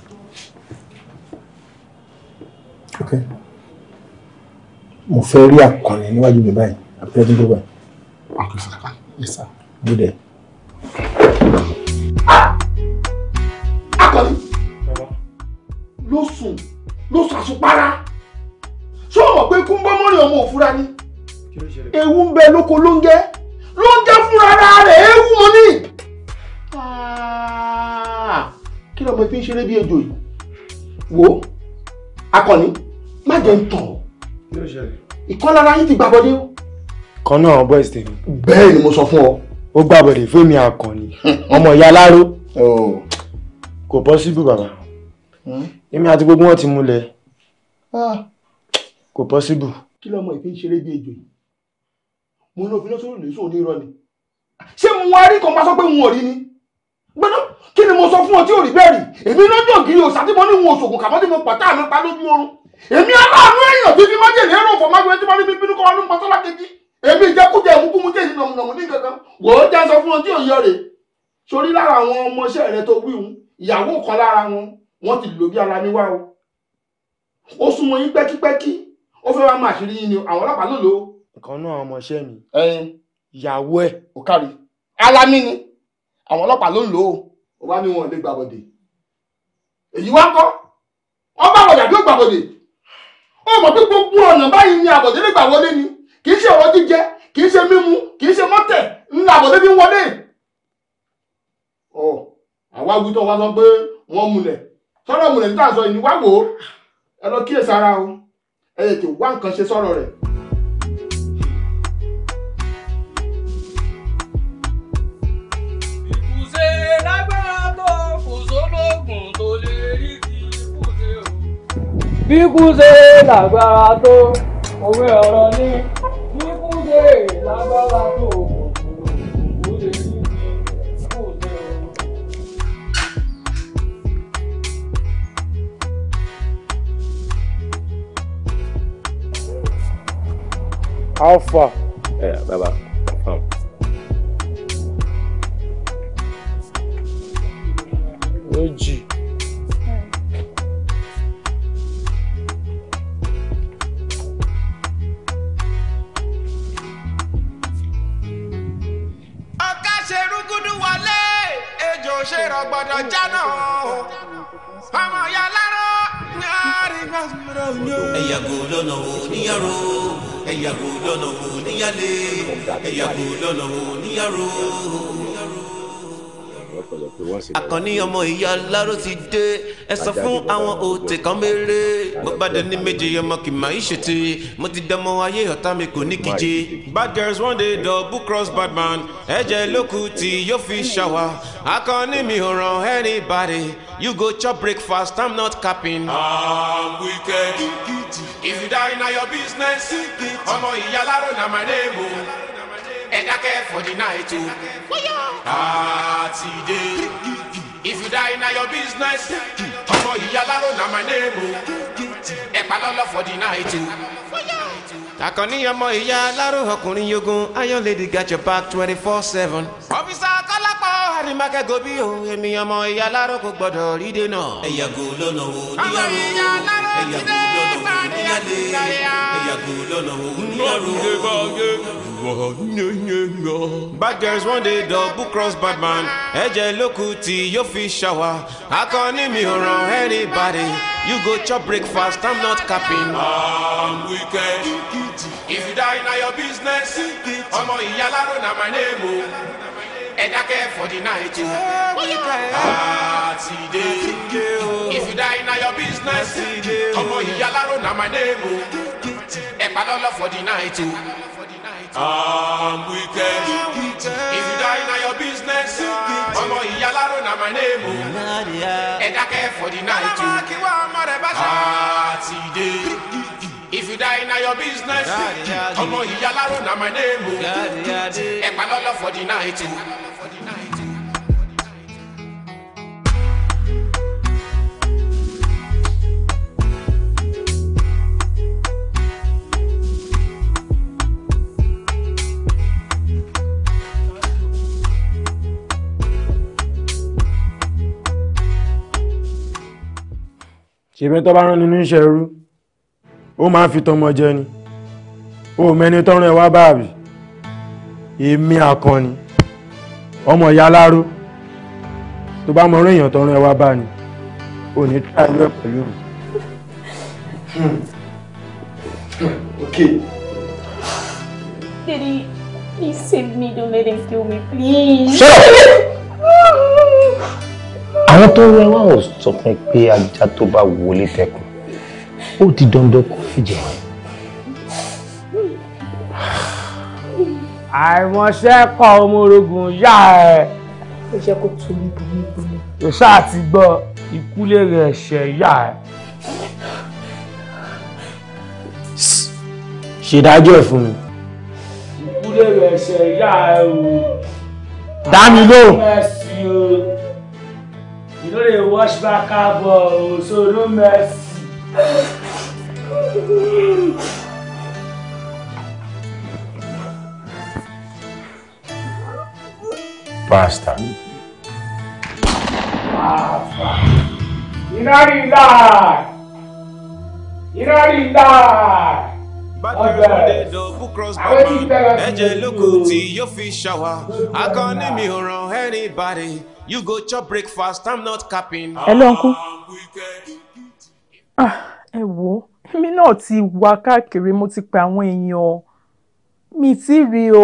okay mo fẹ́ rí àkànní níwájú mi báyìí àbúrẹ́dí tó bá. okay sir yes sir. good day. àkànní ló sùn ló sùn àsùnpárá mọ̀ pé kúńbọ́ mọ́rin ọmọ òfúra ni ewu ń bẹ lóko ló ń jẹ́ ló ń jẹ́ fúnra ara rẹ̀ ewu mo ní. Ah! kí lọ́mọ fi ń ṣeré bí ejò yìí wo akọni má jẹ́ ń tàn ọ́ ìkan lára yín ti gbà bọ́dé o. kan náà boys tèmi. bẹ́ẹ̀ ni mo sọ fún ọ. ó gbà bọ̀dé fẹ́mi akọni ọmọ ìyá aláró oh. kò bọ́ síbù bàbá hmm? èmi àti gbogbo wọn ti múlẹ̀. Ah! kò possible. kí lọmọ ìfi ṣeré bí ejò yìí ní òfin lọ́sọ̀rọ̀ lè sóò ní irọ́ ni ṣé mo wá rí kan bá sọ pé n ò rí ni gbọ́dọ̀ kí ni mo sọ fún ọ tí ò rí bẹ́ẹ̀ rí èmi lọ́jọ́ kiri òsà tí mo ní wọn òṣògùn kàmọ́ tí mo pàtà mi pa lójú oorun èmi aláàánú èèyàn tí fi má jèlé ẹ̀rọ fọ̀ má gbé bíbí kọ́ ọdún pọ́sọ́lá kejì èmi ìjẹkújẹ ìmúkú mu ní kankan wò ó ó fẹ́ máa ṣe rí yín ni àwọn ọlọ́pàá ló nǹkan náà ọmọọṣẹ́ mi. ìyàwó ẹ̀. ò kárí alámí ni àwọn ọlọ́pàá ló ó. ó ní wọn ò lè gbàbọ̀dè èyí wá kọ́ wọ́n bá tó gbàbọ̀dè ó mọ̀ pé gbogbo ọ̀nà báyìí ni lè gbà wọlé ni kì í ṣe jíjẹ kì í ṣe mímu kì àwa wá ẹ tètè wá nǹkan ṣe sọ̀rọ̀ rẹ̀. ìkùsè lágbára tó kùsò lóògùn tó lè rí ti kùsè lágbára tó òwe ọ̀rọ̀ ni bí kùsè lágbára tó. Alpha. far. ẹ bàbá fam. méjì. ọ̀ká ṣe rúgúdú wọlé ejò ṣe rọ̀gbọ̀dọ̀ jánà ọmọ ya lárọ́ ní àárín gbàgbọ́dọ̀ ní. ẹ̀yà kò lọ́nà wo níyàrá o ẹ̀yàgò lọ́nà wò níyàlé ẹ̀yàgò lọ́nà wò níyàró àkànní ọmọ ìyá aláró ti dé ẹ sọ fún àwọn òtè kan méré gbọ́gbádé ní méje ọmọ kì máa ṣètè mo ti dẹmọ ayé ọ̀tá mi kò ní kíje. bad girls one day double cross bad man ẹ̀jẹ̀ lókù tí yóò fi ṣàwà àkànní mi ò ràn anybody you go chop breakfast i'm not capping. i'm wicked if you die na your business ọmọ ìyá aláró na my name o. Oh ẹ dákẹ́ for the night o. Àtìdé. If you die na your business. Ọmọ ìyá láró na my name o. Ẹ̀pà lọ́lọ́ for the night Àkànní ọmọ ìyá aláró ọkùnrin yogun iron lady got your back twenty four seven. ọ̀fíìsà kọ́lápọ̀ àrìmákẹ́ gòbí o èmi ọmọ ìyá aláró kò gbọ́dọ̀ rí dènà. ẹ̀yàgò lọ́nà wo níyàrá ẹ̀yàgò lọ́nà wo níyàlé ẹ̀yàgò lọ́nà wo níyàrá. bad girls one day double cross bad man ẹ̀jẹ̀ ló kù tí yóò fi ṣàwà Àkànní mi ò ràn anybody you go chop breakfast i'm not capping. I'm wicked it. If you die na your business, sing it. Ọmọ ìyá láró na my name o. Ẹ dákẹ́ for the night o. Àtìdé. If you die na your business, sing it. Ọmọ ìyá láró na my name o. Ẹ pa lọ́lọ́ for the night o. I'm wicked. If you die na your business, sing it. Ọmọ ìyá láró na my name o. Ẹ dákẹ́ for the night o. Àtìdé. If you die now your business. Ọmọ ìyá láró na my name o. Ẹ̀pà lọ́lọ́ for the night o. ṣèbẹ́ tó bá rán nínú iṣẹ́ rú ó máa fi tọmọ jẹ ni ó mẹni tọrùn ẹ wá èmi àkànni ọmọ ìyá aláró tó bá mọ orí èèyàn tọrùn ẹ bá ni ò ní tí ẹ pẹ̀lú mi. Hmm. Okay. Daddy, please save me. Don't let him kill me, please. Shut up! Àwọn tó ń wẹ́wà ò sọ fún pé ajá tó bá wọlé tẹkùn ó di dandan kó fìjẹ. àìmọ̀ṣẹ́ kọ ọmọ orogun yá ẹ̀. ó jẹ́ kó tóbi bomi bomi. kò sáà ti gbọ́ ìkúlé rẹ̀ ṣẹ̀ yá ẹ̀. ṣèdájọ́ ẹ̀ fún mi. ìkúlé rẹ̀ ṣẹ̀ yá ẹ̀ o. dá mi lóhùn. mercy o you no dey wash back up o so no mercy. Bastard. Inarinda! Inarinda! Ọjọ́ àwọn tí tẹ̀lé sí ẹ̀jẹ̀ lóko Hello, uncle. Ah, ẹ wò ó èmi náà ti wá káàkiri mo ti pe àwọn èèyàn mi tí rí o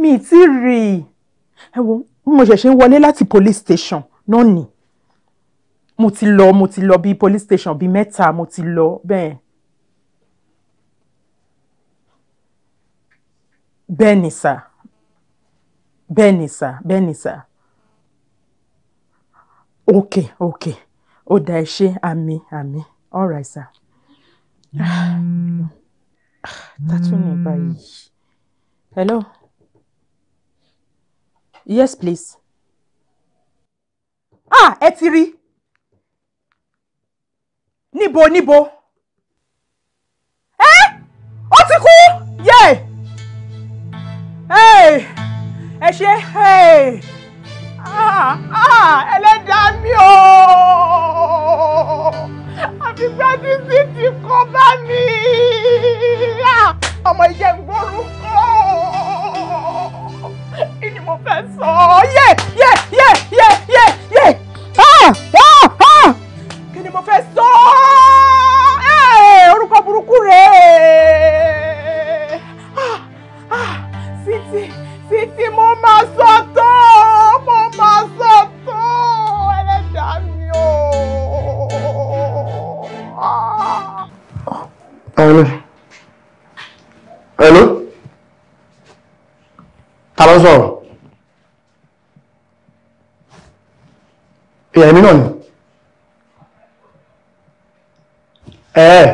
mi tí rí ẹ wò ó mo ṣẹ̀ṣẹ̀ ń wọlé láti police station náà nì mo ti lọ mo ti lọ bíi police station bíi mẹ́ta mo ti lọ bẹ́ẹ̀. bẹ́ẹ̀ ni sà bẹ́ẹ̀ ni sà bẹ́ẹ̀ sà. okay okay ó dá ẹ ṣe àmì àmì all right sir. Mm. Ah, tatu ní mm. báyìí hello yes please ah ẹ ti rí níbo níbo ẹ ó ti kú yé ẹ ṣe ah, ah, ẹlẹ́dàá mi ooo tipẹ́ títí ti kọ́ bá mi ọmọ ìyẹn gbórúkọ kí ni mo fẹ́ sọ yẹ yẹ yẹ yẹ yẹ yẹ. èèyàn mi náà ni ẹ̀ẹ́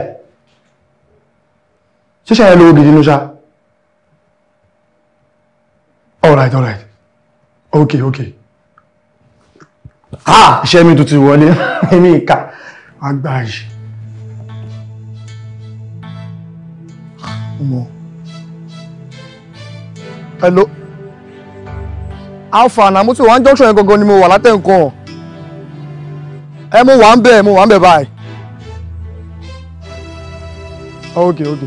ṣíṣe yẹn lówó gidi ní ṣá all right all okay okay ah iṣẹ́ mi tó ti wọlé èmi ìka agbáyé mọ́ hello alpha na mo ti wà ní junction yẹn gangan ni mo wà látẹ̀ nǹkan ẹ eh, mo wà ń bẹ̀ mo wà ń bẹ̀ báyìí. ok ok.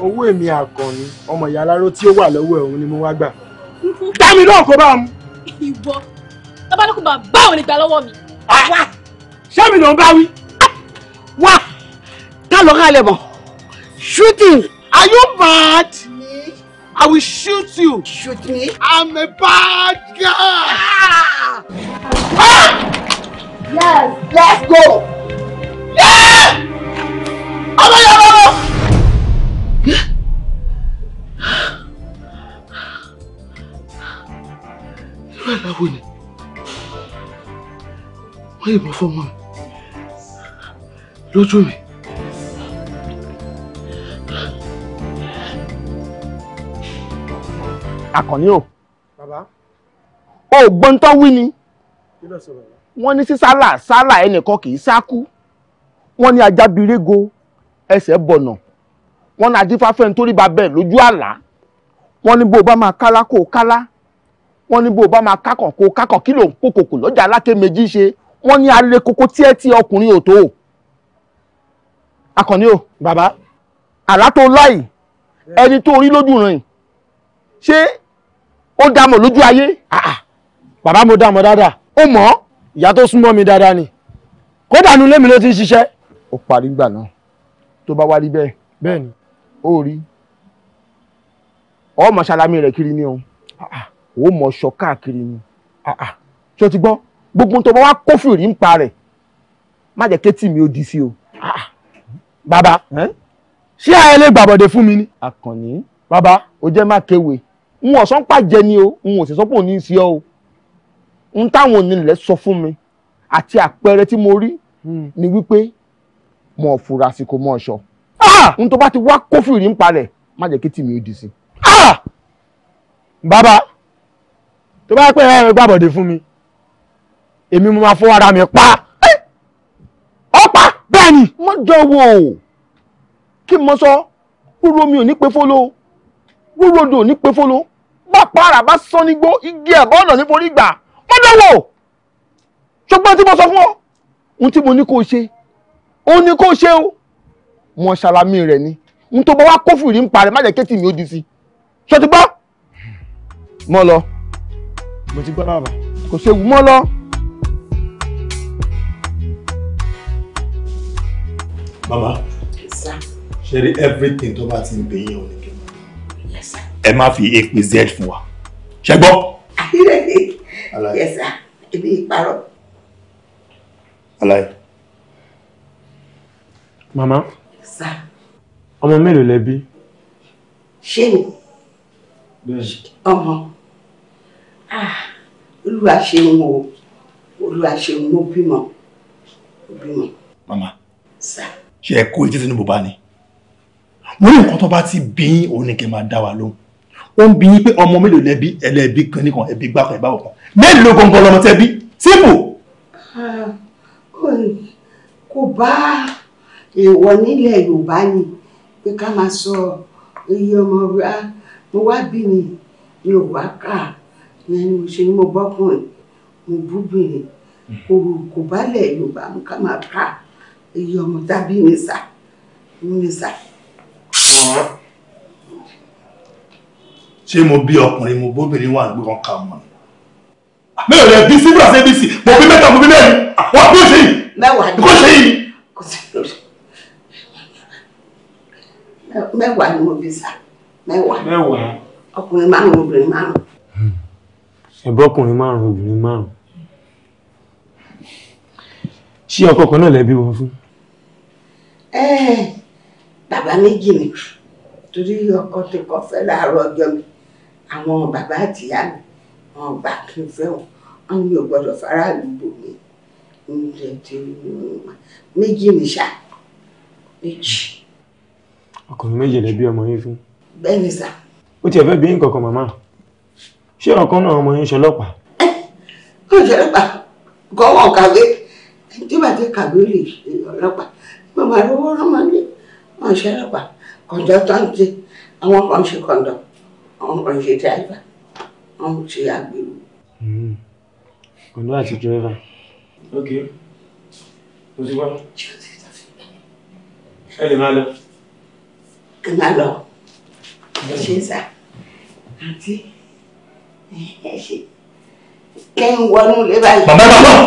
owó èmi àkànní ọmọ ìyá aláró tí ó wà lọ́wọ́ ẹ̀ òun ni mo wá gbà dá mi náà kó bá mu. ìwọ tábàlùkù bá báwo lè gbà lọ́wọ́ mi. Ah! ṣé mi ló bá wí. Ah! wá tá ló rálẹ̀ mọ́ shooting are you bad? i will shoot you. shoot me. i'm a bad guy. Ah! Ah! yes let's go. yes. ọmọ yàrá. aláwo ni wọ́n yìnbọn fọ́mọ mi lójú mi. Àkànní o. Bàbá. O gbọ́n tó wí ni. Wọ́n ní sí sálà sálà ẹnìkan kì í sákú. Wọ́n ní ajá birego ẹsẹ̀ bọ̀nà. Wọ́n ní ajífáfẹ́ nítorí bàbá ẹ̀ lójú àlá. Wọ́n ní bó o bá máa kálá kó o kálá wọ́n ní bó o bá máa kákàn kó kákàn kí ló ń kó kòkò lọ́jà aláké méjì ṣe wọ́n ní arére kókó tiẹ́ tí ọkùnrin ò tó o. akànni o bàbá àlá tó láì ẹni tó rí lójú rìn ṣé ó dá lójú ayé. bàbá mo dá mọ̀ dáadáa ó mọ̀ ìyá tó súnmọ́ mi dáadáa ni kódà nu lémi ló ti ń ṣiṣẹ́. ó parí gbà náà tó bá wá rí bẹ́ẹ̀. bẹ́ẹ̀ ni. ó rí ọmọ ṣàlámì rẹ̀ kiri ni o ó mọ̀ ṣọ káàkiri ni ah, ah. ṣé o ti gbọ́ gbogbo tó bá wá kófìrí ń pa rẹ̀ má jẹ́ kétì mi ó di sí o. Ah, bàbá ṣé ayẹlẹ gbàbọ̀dẹ̀ fún mi ni. àkànní bàbá o jẹ́ má kéwèé n ò sọ́n pàjẹ́ ni o n ò sì sọ́pọ̀ ní í sí ọ o n táwọn onílẹ̀ sọ fún mi àti àpẹẹrẹ tí mo rí hmm. ni wípé mo fura sí kò mọ ọṣọ n tó bá ti wá kófìrí ń palẹ̀ má jẹ́ kí tìmí ó di sí. bàbá tó bá pẹ́ ẹ̀rọ gbàbọ̀dé fún mi èmi mo máa fọ́ ara mi pa ọ̀pá bẹ́ẹ̀ ni. mo jọ wo kí mo sọ wúro mi ò ní pe fóló wúro dò ní pe fóló bá para bá sán nígbó igi ẹ̀bọ́ ọ̀nà ní forí gbà mo jọ ṣùgbọ́n tí mo sọ fún ọ ohun tí mo ní kó o ṣe òun ni kó o ṣe o mo ṣàlàmì rẹ ni n tó bá wá kófìrí ń parẹ́ má jẹ́ kétì mi ó di si ṣọtí gbọ́ mo lọ mo ti gbọ́ bàbá kò séwu mọ́ lọ. mama ṣe rí everything tó bá ti ń bẹ̀yìn ọ̀ nìkan ẹ má fi apz fún wa ṣe gbọ́. yẹsà ibi ìparọ́. alaye. mama ọmọ mélòó lẹ bí. ṣé mi ọmọ. Ah, olúwa ṣeun o olúwa ṣeun o bímọ ló bímọ. mama ṣe ẹ kó etí tinubu bá ni mo ní nǹkan tó bá ti bí yín òun ni kí n máa dá wa lóhùn ó ń bí yín pé ọmọ mélòó lẹbi ẹlẹbi kan nìkan ẹbí gbàkan ẹbá ọkan mélòó gangan lọmọ tẹbi síbò. Ah, kò bá èèwọ̀ nílẹ̀ yorùbá ni pé ká máa sọ iye ọmọ wa mo wá bí mi mi kà á ṣe ni mo bọ́kùnrin mo búbìnrin kò kò bálẹ̀ yorùbá mú ká máa ká èyí ọmọ tàbí mi sà mú mi sà. ṣé mo bí ọkùnrin mo bóbìnrin wà nígbà kan kà mọ́ ni. mẹ́rin ò lè bí sí bùrọ̀sì abc mo bí mẹ́ta mo bí mẹ́rin wà kó ṣe yìí mẹ́wàá ni kó ṣe yìí. mẹ́wàá ni mo bí sà mẹ́wàá ọkùnrin márùn-ún obìnrin márùn-ún ẹ̀bọ́ ọkùnrin márùn-ún obìnrin márùn-ún ṣé ọkọ kan náà lẹ́bí wọn fún. bàbá méjì ni torí ọkọ tí kò fẹ́ láàárọ̀ ọjọ́ mi àwọn bàbá àti ìyá mi wọn gbà kí n fẹ́ wọn wọn mi ò gbọdọ̀ faraàlú bò mí oúnjẹ tí méjì ni ṣá méjì. ọkùnrin méjì lẹ́bí ọmọ yín fún. bẹ́ẹ̀ ni sà. ó ti fẹ́ bí nǹkan kan màmá ṣé ọ̀kan náà ọmọ yín ṣe ọlọ́pàá. kò ṣe ọlọ́pàá gọ́wọ́ kàwé tí bàtí kàwé lè ṣe ọlọ́pàá gbogbo àdúgbò ọlọ́mọ ní wọn ṣe ọlọ́pàá kọ̀ǹdọ́tọ́ǹtì àwọn kan ṣe kọ̀ǹdọ̀ àwọn kan ṣe dráìvà àwọn ṣe agbèrò. kọ̀ǹdọ̀ hmm. àti dráìvà. ok o ti wá ẹ lè máa lọ. ẹ máa lọ ṣe é sá àti kí n wọnú ilé báyìí. bàbá bàbá.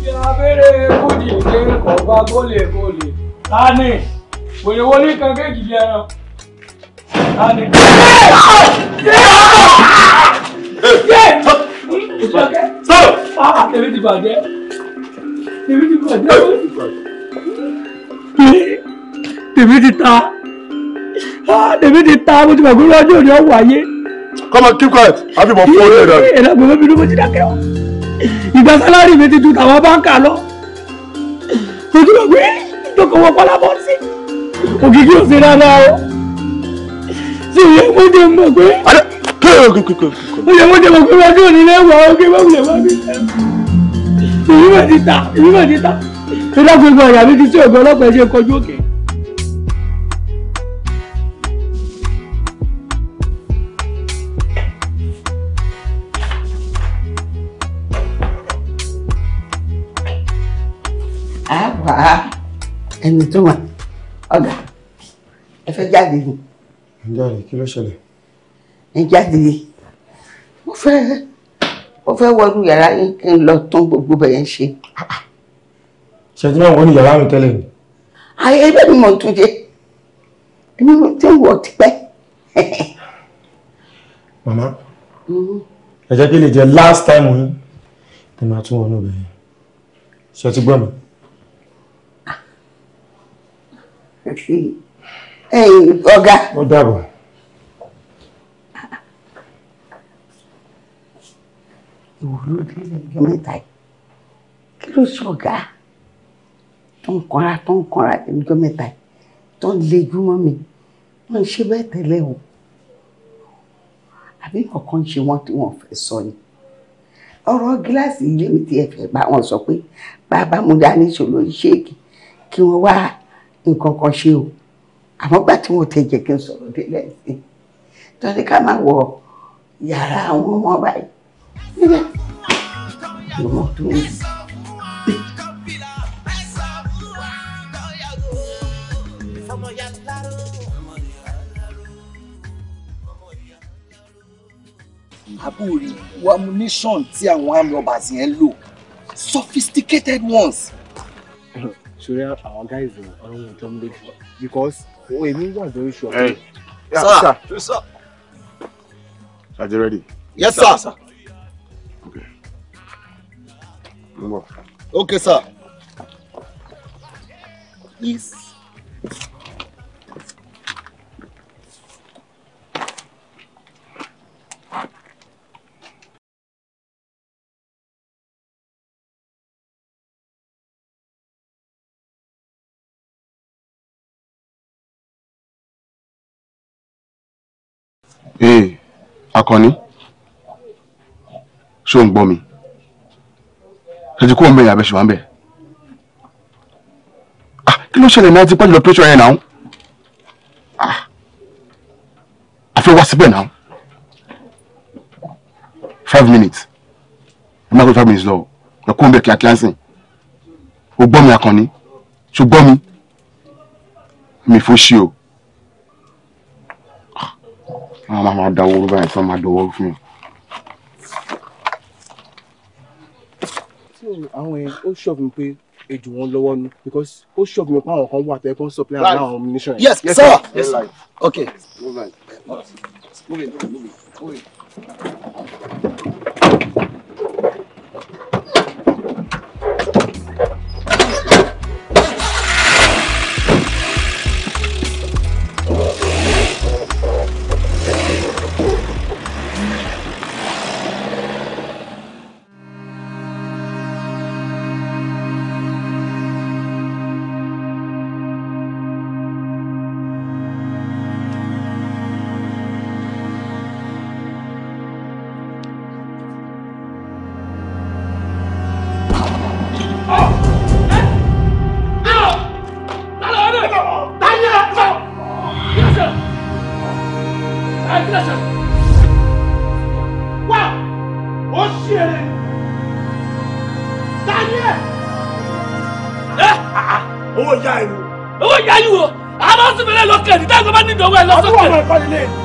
ṣé abẹ́rẹ́ kùdì ní ọba kólèkólè ta ni wèrè wo ní kan kéèkì ẹran ta ni. Stop! Ah, ti bàjẹ́ tèmi ti ta tèmi ti ta mo ti gbàgbé lọ́jọ́ òní ọ̀wọ̀ ayé. come on keep quiet àbí mo fọ́ orí ẹ̀ dànù. ẹ̀rọ gbogbo mi ló mo ti dákẹ́ ọ ìgbà sálárì mi ti ju tàwọn báńkà lọ ojú ló gbé ìjókòwò kọ́lá bọ́ sí ògìgì òsè rárá o sì yẹ kó jẹ mọ̀ pé ó yẹ kó jẹ mọ̀ pé wájú òní lẹ́wọ̀ ọ́ kí wọ́n wulẹ̀ wá mi èmi ti ta èmi ti ta ìdá gbogbo ọ̀yà mi ti tí ògbọ́n ọlọ́pàá ṣe kọjú òkè. ẹni tó mà ọ̀gá ẹ fẹ́ jáde ni. ǹjẹ́ kí ló ṣẹlẹ̀. ẹ jáde mo fẹ́ mo fẹ́ wọnú yàrá yín kí n lọ tún gbogbo bẹ̀yẹn ṣe. ṣe tí wọ́n wọ́n ní yàrá mi tẹ́lẹ̀ ni. ayé ẹgbẹ́ mi mọ̀ tún jẹ́ èmi mo ti ń wọ̀ tipẹ́. màmá mm-hmm. ẹ jẹ́ kí lè jẹ́ last time yín tí màá tún wọnú bẹ̀yẹn ṣe ti gbọ́ mi. Ah. ẹ̀yin ọ̀gá. ó dàbọ̀. ìwòlò délé ọjọ́ mẹ́ta yìí kí ló ṣọ̀gá tó ń kanra tó ń kanra ọjọ́ mẹ́ta yìí tó ń lejú mọ́ mi wọ́n ń ṣe bẹ́ẹ̀ tẹ́lẹ̀ o àbí kankan ṣe wọ́n tí wọ́n fẹ́ sọ ni ọ̀rọ̀ gíláàsì ilé mi ti ẹ̀fẹ̀ bá wọn sọ pé bàbá mo dání ṣòro ṣéèkì kí wọ́n wá nǹkan kan ṣe o àmọ́ gbà tí wọ́n tẹ̀ jẹ́ kí n sọ̀rọ̀ délẹ̀ sí i tọ́ni ká má wọ yàrá àwọn ọmọ báyìí Mira. Lo mato. Àbúrò wa ammunition tí àwọn amrobas yẹn lò sophisticated ones. Ṣorí àwọn guys ọ̀rọ̀ wọn jọ ń lójú because èmi wà lórí ṣọ́ọ̀tì. Sir, sir. Are you ready? Yes, sir. sir. Okay, sir. Please. Ee, eh, Akànnì, ṣó ń gbọ́ mi? tètè kó mbẹ yàbẹ ṣùgbọ́n bẹ kí ló ṣẹlẹ̀ náà ti pẹ́ jùlọ pẹ́ṣọ yẹn náà àfẹ́ ah, wá síbẹ̀ náà five minutes ẹ má gbé five minutes lọ lọ kó mbẹ kíákíá sìn o gbọ́ mi akànnì ṣùgbọ́n mi mi fò ṣí o àwọn máa máa dáwọ́ orúkọ yẹn tí wọ́n máa dọ̀wọ́ fún mi. àwọn yẹn ó ṣọ́ọ̀bù mi pé ejò wọn lọ́wọ́ nu because ó ṣọ́ọ̀bù mi pé àwọn kan wà tẹ́ kó ń supply àwọn àwọn ammunition yẹn. yes sir yes sir okay. violin.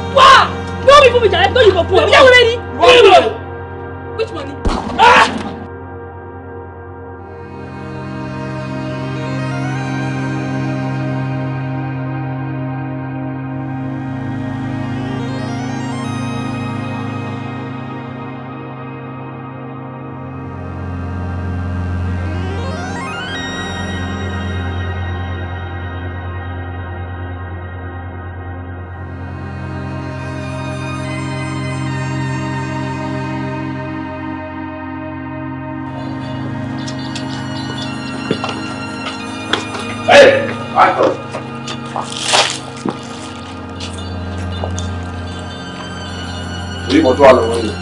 tó wà lọ́wọ́ yìí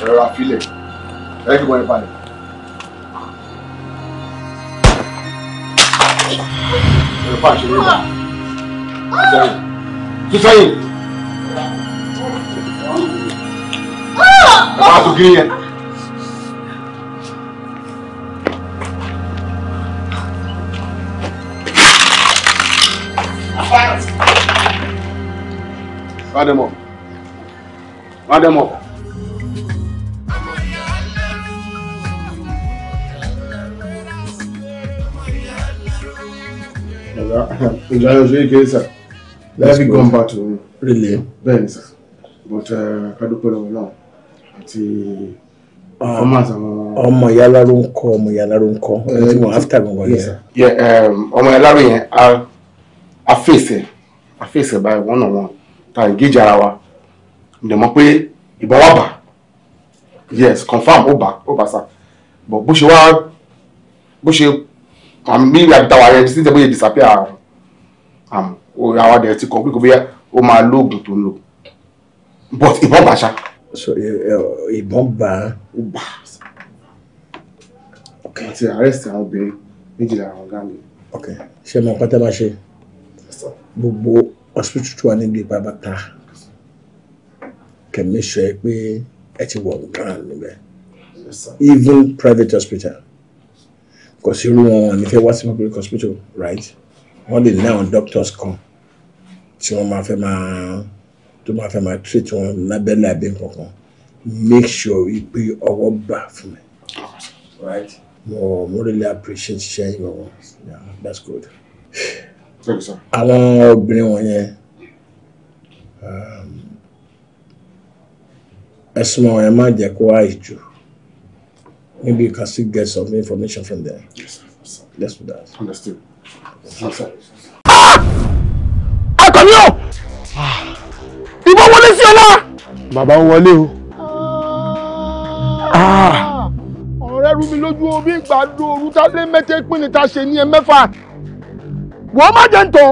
ẹ̀rọ àfilẹ̀ ẹ̀ kí wọ́n ẹ balẹ̀. ẹ̀rọ pàṣẹ ló wà. sísẹ́yìn. ṣe really bẹ́ẹ̀ but uh, kádúpẹ́ lọ́wọ́ náà àti ah, performance àwọn. ọmọ ìyá aláró ń kọ ọmọ ìyá aláró ń kọ ọmọ tí mo eh, after gbọ̀ngàn yẹn. Um, ọmọ ìyá aláró yẹn a fèsì a fèsì báyìí one on one ta engage ara wa ǹdẹ̀ mọ̀ pé ìbọn wa bà yes confam ó bà ó bà sà bó ṣe wá bó ṣe àmì àdáwà rẹ sí ìjẹ́ bó ṣe disappear Um, àwa dẹ̀ ti kàn pé kò bóyá ó máa lóògùn tó ń lò but ìbọn bàṣà. Eh, eh, ìbọn bá a. ó bà á sí. àti arrest àwọn obìnrin méjìlá àwọn gáàngì. ṣé mo pátá máa ṣe gbogbo hospital tó wà níbi ìpàbàtà kẹ̀mí sọ ẹ pé ẹ ti wọ̀ nǹkan níbẹ̀ even private hospital kò sí irú wọn wọn ní fẹ́ wá sí public hospital right wọ́n lè ní doctors kan tí wọ́n máa fẹ́ máa tó máa fẹ́ máa treat wọn lábẹ́lẹ̀ àbí nǹkankan make sure wípé ọwọ́ bà fún mi. right. mo mo really appreciate iṣẹ́ yìí wọ́n yeah that's good. àwọn obìnrin wọ̀nyẹn um, ẹ̀sùn wọn yẹn má jẹ́ kó àìjù maybe you can still get some information from there. yes sir. let's do that. understood akọni o ìbọn wọlé sí ọlá. bàbá ń wọlé o. Ah! Ah! ọ̀rẹ́ rú mi lójú omi ìgbàdo ooru tá lé mẹ́tẹ́ pínlẹ̀ tá ṣe ní ẹ mẹ́fà wọ́n má jẹ́ ń tọ̀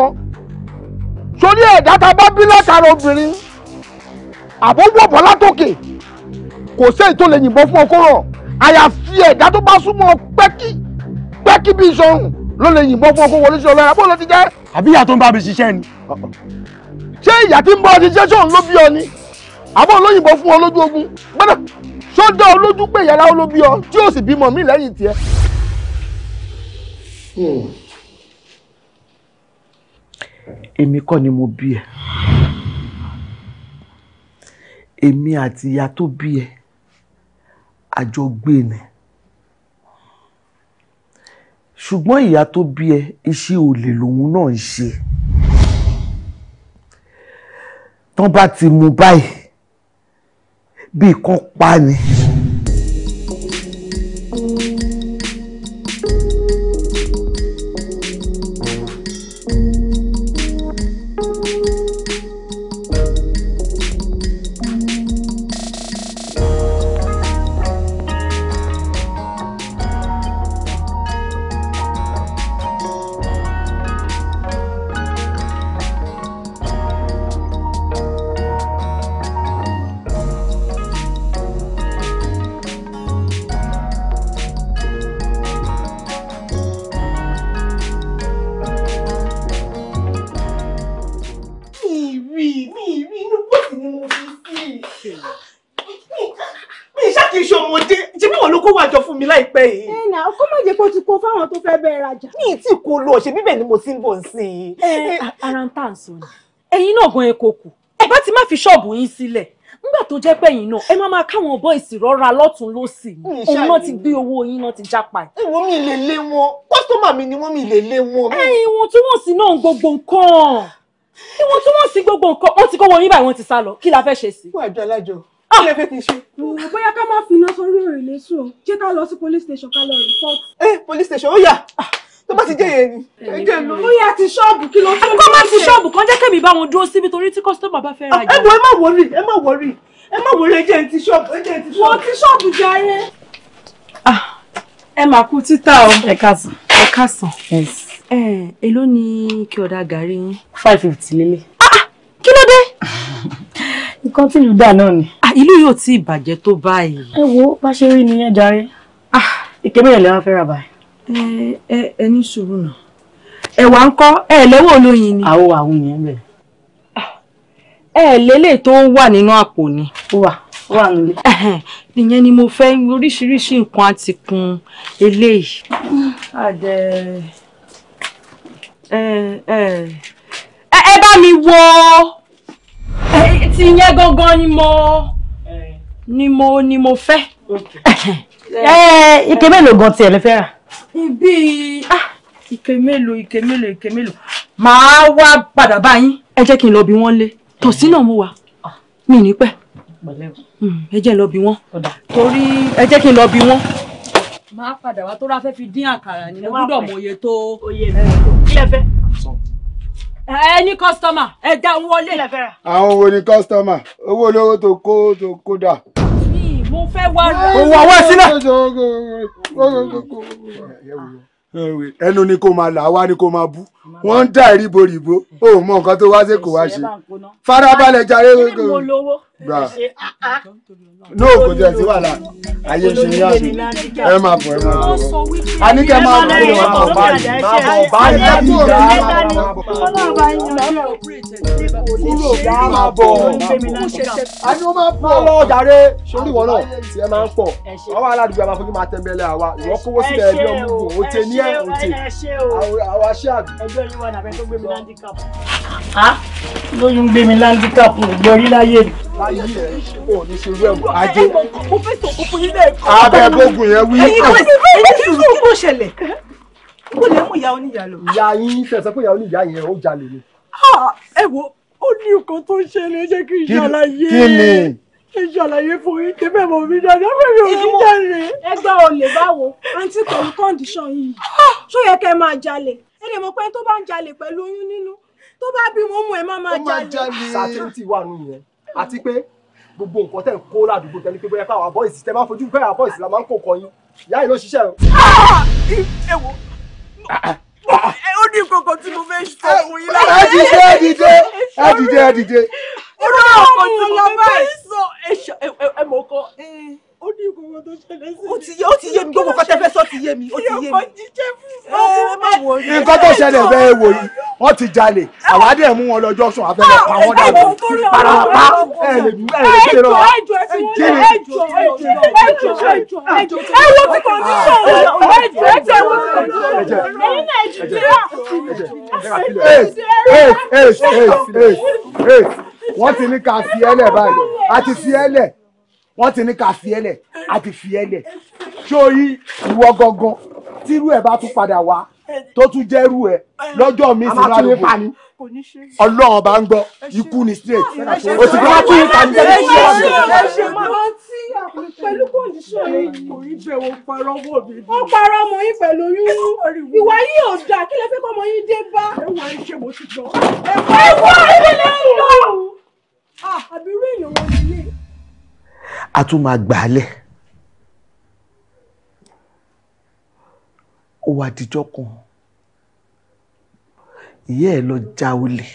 sórí ẹ̀dá tá a bá bí látara obìnrin àbọ̀wọ̀ bọ́lá tókè kò sí èyí tó lè yìnbọn fún ọkọ rọ àyàfi ẹ̀dá tó bá súnmọ́ pẹ́kí pẹ́kí bíi sọ́run ló lè yìnbọn fún ọkọ wọlé sí ọlọ́yà bó ló ti jẹ́. àbí ìyá tó ń bá mi ṣiṣẹ́ ni. ṣé ìyá tí ń bọ́ ṣiṣẹ́ sóun ló bí ọ ni àbọ̀ olóyìnbó fún ọ lójú ogun gbọ́dọ̀ sódà olójú pé ìyá láwọn ló bí ọ tí ó sì bímọ mí lẹ́yìn tiẹ̀. Hmm. èmi kọ́ ni mo bí ẹ èmi àti ìyá tó bí ẹ àjọ ni ṣùgbọ́n ìyá tó bí ẹ iṣẹ́ olè lòun náà ń ṣe tán bá ti mú báyìí bí kan pa ni. tajà. mi tí kò lọ ṣe bíbẹ̀ ni mo ti ń bọ̀ sí i. Eh, ara ń tà ń sọ ni ẹ̀yin náà gan eko kù ẹ bá ti má fi ṣọ́ọ̀bù yín sílẹ̀ nígbà tó jẹ́ pẹ̀yìn náà ẹ máa máa káwọn bọ́ìsì rọ́ra lọ́tún lọ́sì òun náà ti gbé owó yín náà ti jápa ẹ̀. ìwọ mi lè lé wọn kọ́sítọ́mà mi ni wọ́n mi lè lé wọn. ẹ̀yin wọn tí wọ́n sì náà gbogbo nǹkan ìwọ̀n tí wọ́n sì gbogbo nǹkan wọ́n ti kó wọn yín báyìí wọ́n ti sá lọ kí la fẹ́ ṣe sí. wọ́n àjọ alájọ ah! kí fẹ́ fi ṣe. bóyá ká má fi iná sórí òrìlé sùn jẹ́ ká lọ sí police station ká lọ rìpọ́ọ̀tì. ẹ eh, police station ó yà. Ah! tó bá ti jẹ́ yẹn ni ẹjẹ́ ló. ó yà ti ṣọ́ọ̀bù kí ló tó lọ́ọ́ ṣe. kó má ti ṣọ́ọ̀bù kan jẹ́ kẹ́mi bá wọn dúró síbi torí tí kọ́sítọ́mà bá fẹ́ rajà. ẹ wo ẹ má wọrí ẹ má wọrí ẹ má wọrí ẹjẹ́ ti ṣọ́ọ̀bù ẹjẹ́ ti ṣọ́ọ̀bù. wọ́n ti ṣọ́ọ̀bù jàre. Ah, ẹ máa kú títà o. ẹ káàsán. ẹ káàsán. ẹ èló ni kí ọ̀dà gàrí yín. five fifty lélẹ̀. Ah, ah, kí ló dé? nǹkan tí ìlú dà náà ni. ìlú yóò ti ìbàjẹ́ tó báyìí. ẹ wo bá ṣe rí nìyẹn jàre. ìkébẹ̀rẹ̀ lè wá fẹ́ ra báyìí ẹ eh, eh, ẹ ní sùúrù náà ẹ̀wà ń kọ́ ẹ lẹ́wọ̀ olóyin ni. àwọ̀ àwọn yẹn bẹ̀. Ah, ẹ lélẹ̀ tó wà nínú àpò ni. ó wà ó wà nílé. nìyẹn ni mo fẹ́ oríṣiríṣi nǹkan àti kun eléyìí. àdẹ ẹ ẹ ẹ bá mi wo ti yẹn gangan ni mo ni mo ni mo fẹ́. ẹ ike mélòó gan tiẹ̀ lè fẹ́ rà ibi ah, ike mélòó ike mélòó ike mélòó màá wá padà bá yín ẹ jẹ́ kí n lọ bí wọ́n lé tòsí náà mo wà ah. mi ní pẹ́ hmm, ẹ jẹ́ lọ bí wọ́n torí ẹ jẹ́ kí n lọ bí wọ́n máa padà wá tó rá fi dín àkàrà ni mo gbọ́dọ̀ mọ iye tó oye ilé Any customer, ní kọ́sítọ́mà ẹ já ń wọlé. àwọn wo ni kọ́sítọ́mà owó olówó tó kó tó kó dà mo fẹ́ wá rà. òun àwọ̀ ẹ̀ sílẹ̀. Ah. ẹnu ni kò máa là wá ni kò máa bú wọ́n ń dá ìrìbò rìbò mọ nǹkan tó wá sí kò wá ṣe farabalẹ̀ jàre. kí ni mo lówó gbà ah, ah. no kò jẹ́ sí wàhálà ayé ṣe yá sí ẹ máa bọ̀ ẹ máa bọ̀ a ní kẹ́ máa bọ̀ ẹ máa bọ̀ báyìí máa bọ̀ báyìí ẹ bí ìgbà máa bọ̀ kúrò ìgbà máa bọ̀ a ní wọ́n máa bọ̀ ọ lọ́wọ́ jàre sórí ìwọ náà tí ẹ máa ń pọ̀ wọ́n wà ládùúgbò àwọn afọ́jú máa tẹ̀mbẹ̀lẹ̀ àwa ìwọ kówó sílẹ̀ ẹbí ọmọ ògùn ó tẹ ní ẹ̀ ó tẹ àwọn aṣẹ́ àbí. ọjọ́ yìí wà nàbẹ́ tó gbé mi láńdíkàpù. lóyún gbé mi láńdíkàpù gbọ́rí láyé mi láyé ẹ ò ní ṣe irú ẹ̀wọ̀n abẹ gbógun yẹn wí. ẹyin kò sí ṣẹlẹ̀ kó lè mú ìyá oníyà lọ. ìyá yín tẹ̀sán pé ìyá oníyà yẹn ó jalè ni. ẹ wo ó ní nǹkan tó ṣẹlẹ̀ jẹ́ kí n ṣàlàyé. kí ni ẹ ṣàlàyé fún yín kí mọ̀ mí dáadáa bẹ́ẹ̀ mi ò ní jalè. ẹgbẹ́ olè báwo àǹtí pẹ̀lú kọ́ndíṣọ̀n yìí ṣó yẹ kẹ́ máa jalè ẹ lè mọ̀ pé tó bá ń jalè pẹ̀lú oyún nínú tó bá bímọ mú ẹ má máa jalè. ó máa jalè. sàtúntì wà nù yẹn àti pé gbogbo nǹkan tẹ̀ ń kó ládùúgbò tẹ́lẹ̀ pé bóyá pé àwọn boys tẹ́ máa fojú pé àwọn boys la máa ń kó kọ yín ìyá yìí ló ṣiṣẹ́ o. ẹ ah! wo eh, ó ní kókó tí mo fẹ́ sọ fún yín lára. ẹ dìde ẹ dìde ẹ dìde ẹ dìde. ó ní kókó tí mo fẹ́ sọ ẹ mọ̀ kọ́ ó ní ìgbòho tó ṣẹlẹ̀ sí mi. ó ti yé ó ti yé mi gbogbo kan tẹ́fẹ́ sọ ti yé mi ó ti yé mi. yóò kọ́ jíjẹ́ fún mi. nǹkan tó ṣẹlẹ̀ bẹ́ẹ̀ wò yìí wọ́n ti jalè àwa dẹ̀ mú wọn lọ́jọ́ sùn àfẹ́lẹ́ pa wọ́n dàbí parapa ẹ̀ lè ṣe lọ́wọ́. ẹ jọ ẹ jọ ẹ jọ ẹ jọ ẹ jọ ẹ jọ ẹ jọ ẹ wo ti kàn ní sọ̀rọ̀ ẹ jọ ẹ jọ ẹ jọ ẹ jọ ẹyin náà ẹ jù ẹ wọ́n ti ní ká fi ẹ́lẹ̀ báyìí a ti fi ẹ́lẹ̀ wọ́n ti ní ká fi ẹlẹ̀ a ti fi ẹlẹ̀ sórí ìwọ gangan tírú ẹ̀ bá tún padà wá tó tún jẹ́rú ẹ̀ lọ́jọ́ mi sì máa lóko ọlọ́run bá ń gbọ́ ikú ni straight òsì kí wọ́n tún ìta ní tẹ́lẹ̀ sí ọ̀sẹ̀. pẹ̀lú kòndíṣọ̀ yìí kò rí bẹ́ẹ̀ wọ́n parọ́ wọ̀ mí. wọ́n parọ́ ọmọ yín pẹ̀lú oyún ìwà yìí ò dáa kí lè fẹ́ kọ́ ọmọ yín dé bá. ẹwà iṣẹ́ mo ti jọ. ẹwà ìbílẹ̀ ń lọ. àbí irú èèyàn wọn ni ilé a tún máa gbà á lẹ̀ ó wá dijọ́ kan ìyá ẹ̀ lọ já olè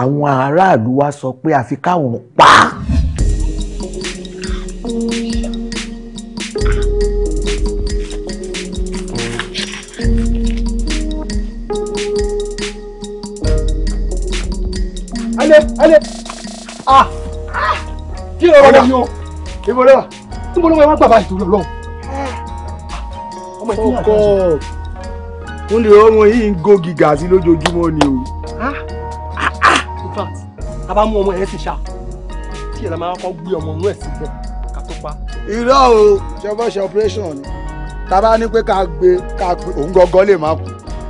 àwọn aráàlú wa sọ pé àfi káwọn pa á. Allez, allez Ah kí ló rọra yín o èmi ọlọ́wà tí mo lọ́wọ́ ẹ má gbà báyìí torí ọlọ́run. ọmọ ìpínlẹ̀ àjọṣe. ń lè ọmọ yìí ń go gíga sí lójoojúmọ́ ni o. Ah, ah, ah. in fact a bá mú ọmọ yẹn ti ṣá tí ẹ̀rọ máa kọ́ gbé ọmọ inú ẹ̀ síbẹ̀ ká tó pa. irọ́ o ṣọfọ́ ṣe operation ni tá a bá ní pé ká gbé ká gbé òun gangan lè má kú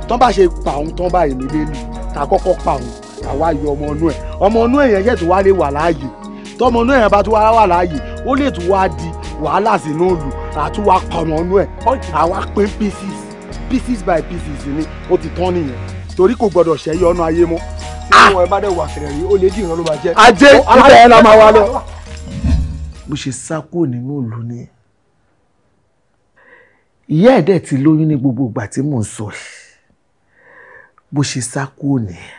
tán bá ṣe pa òun tán báyìí nílé lù tá a kọ́kọ́ pa òun àwa yọ ọmọ inú ẹ̀ ọmọ inú ẹ̀ yẹn yẹ̀ tó wá lè wà láàyè tọmọ inú ẹ̀ bá tún wá wà láàyè ó lè tún wá di wàhálà sínú òòlù àtúwà kọ̀nà inú ẹ̀ àwa pín pieces pieces by pieces ni ó ti tán nìyẹn torí kò gbọdọ̀ ṣẹ́yí ọ̀nà ayé mọ́ nínú ẹ̀ bá dẹ̀ wà fẹ̀rẹ̀ rí ó lè dìran ló máa jẹ́ ajé títẹ̀ ẹ̀ la máa wá lọ. bó ṣe sá kúrò nínú òòlù ni ìyá ẹ̀ dẹ̀ ti lóyún ní gbogbo ìgbà tí mò ń sọ yìí bó ṣe sá kúrò nìyẹn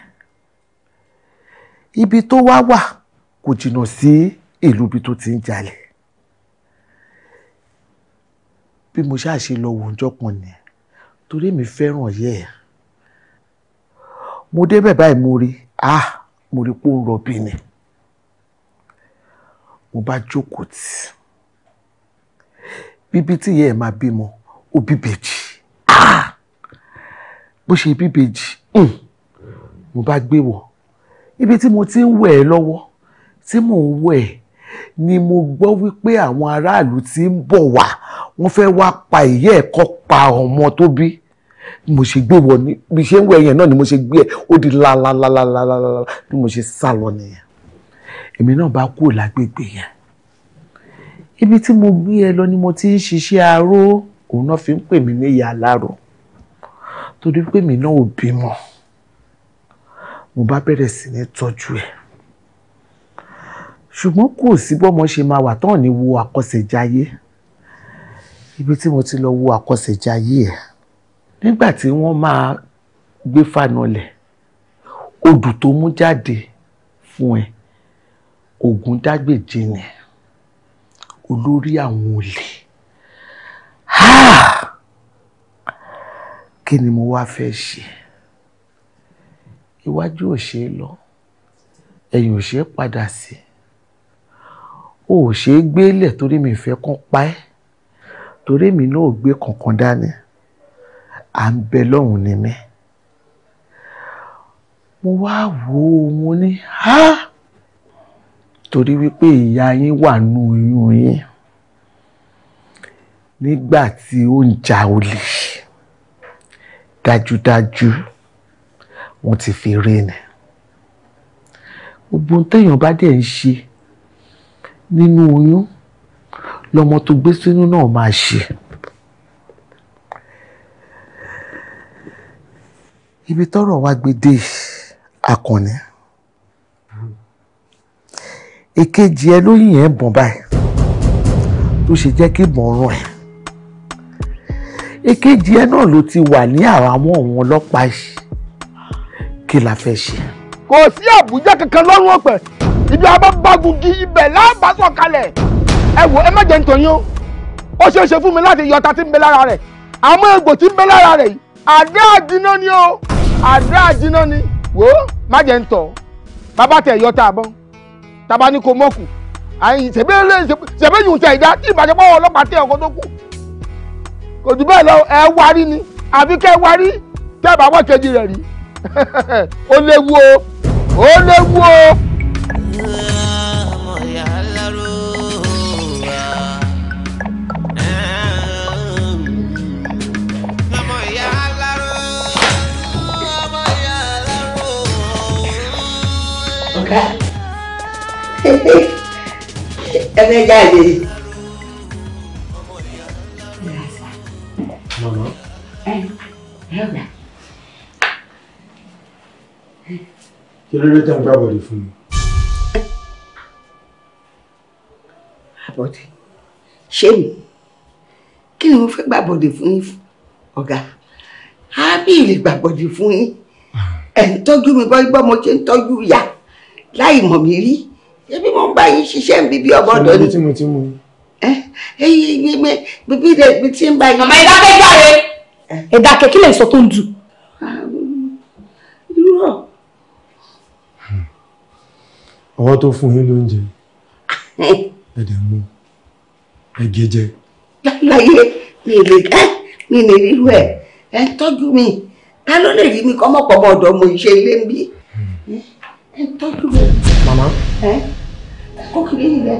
ibi tó wá wà kò jìnnà sí ìlú ibi tó ti ń jalè bí mo ṣáà ṣe lọ wòó jọkàn ni torí mi fẹ́ràn yẹ ẹ̀ mo débẹ̀ báyìí mo rí ah mo rí pé ó ń rọbí ni mo bá jókòó tì bíbí tí ìyá ẹ̀ máa bímọ ó bíbèjì ah bó ṣe bíbèjì hmm, mo bá gbé wọ̀ ibi tí mo ti ń wẹ̀ ẹ́ lọ́wọ́ tí mò ń wẹ̀ ni mo gbọ́ wípé àwọn aráàlú ti ń bọ̀ wá wọ́n fẹ́ wá pa ìyá ẹ̀kọ́ pa ọmọ tó bí mo ṣe gbé wọ ní bí ṣe ń wẹ̀ yẹn náà ni mo ṣe gbé ẹ̀ ó di lálálálálálálá bí mo ṣe sá lọ nìyẹn èmi náà bá kúrò lágbègbè yẹn ibi tí mo gbé ẹ lọ ni mo ti ń ṣiṣẹ́ aró òun náà fi ń pè mí ní ìyá torí pé mi náà ò bímọ mo bá bẹ̀rẹ̀ sí ní tọ́jú ẹ̀ ṣùgbọ́n kò sí bọ́mọ ṣe máa wà tán ní wo àkọsẹ̀jayé ibi tí mo ti lọ wo àkọsẹ̀jayé ẹ̀ nígbà tí wọ́n máa gbé fanulẹ̀ odù tó mú jáde fún ẹ Ògúndágbèje ni olórí àwọn olè kí ni mo wá fẹ́ ṣe iwájú ò ṣe é lọ ẹ̀yìn ò ṣe é padà sí i o ò ṣe é gbélẹ̀ torí mi fẹ́ kán pa ẹ́ torí mi náà ò gbé kankan dání à ń bẹ lọ́hùn ni mí mo wá wò ó mo ní á torí wípé ìyá yín wà nù oyún yín nígbà tí ó ń ja olè dájúdájú wọ́n ti fi rí ni gbogbo ohun téèyàn bá dẹ̀ ń ṣe nínú oyún lọmọ tó gbé sínú náà máa ṣe. ibi tọ́rọ̀ wa gbede akànnì èkejì ẹ lóyìn ẹ bọ̀n báyìí tó ṣe jẹ́ kí bọ̀n rún ẹ èkejì ẹ náà ló ti wà ní àràmọ́ àwọn ọlọ́pàá yìí kí la fẹ́ ṣe. kò sí àbújá kankan lọ́rùn ọ̀pẹ̀ ibi abágbágungi ibẹ̀ lábàásọ̀kalẹ̀ ẹ wò ẹ má jẹ́ nítorí o ó ṣeé ṣe fún mi láti yọ ọta tí ń bẹ lára rẹ̀ àmọ́ egbò tí ń bẹ lára rẹ̀ yìí àdínà ni o àdá àdínà ni wò ó má jẹ́ ń tọ̀ bàbá tẹ̀ yọ tá a bọ́ tàbá ní kò mọ́kù àyìn ṣẹ̀bẹ́ yùn tẹ̀ ìdá tí ìbàjẹ́pọ̀ ọlọ́pàá tẹ̀ ọkọ tó kù kò jù lọ ẹ wárí ni àfi kẹ́ wárí tẹ́ bàbá kejì rẹ̀ rí ó léwu o ó léwu o. ọ̀gá ẹ fẹ́ jáde. É. É ẹ ọ̀gá. kí ló dé tẹ́ ń gbàgbọ́ di fún mi. àbọ̀dé ṣé mi kí ni mo fẹ́ gbàbọ̀dé fún yín ọ̀gá ábí lè gbàbọ̀dé fún yín ẹ̀ ń tọ́jú mi láì mọ̀ mí rí ebi mo ń bá yín ṣiṣẹ́ ń bíbí ọmọ ọ̀dọ́ ni. ṣé ibi tí mo ti mú un. ẹ ẹ bíbí rẹ bí tí ń bá yín. màmá ìdákẹ́ jáde. ìdákẹ́ kí lè sọ tó ń dù. irú ọ̀. ọwọ́ tó fún yín lóúnjẹ ẹ̀dẹ̀ mú ẹ̀gẹ́ jẹ. láyé mi lè ká mi lè rírú ẹ ẹ tọ́jú mi ká ló lè rí mi kọ́mọ̀pọ̀ ọmọ ọ̀dọ́ mo ṣe ilé ń bí. Hmm. Màmá. Eh? Ó kiri yìí rẹ̀.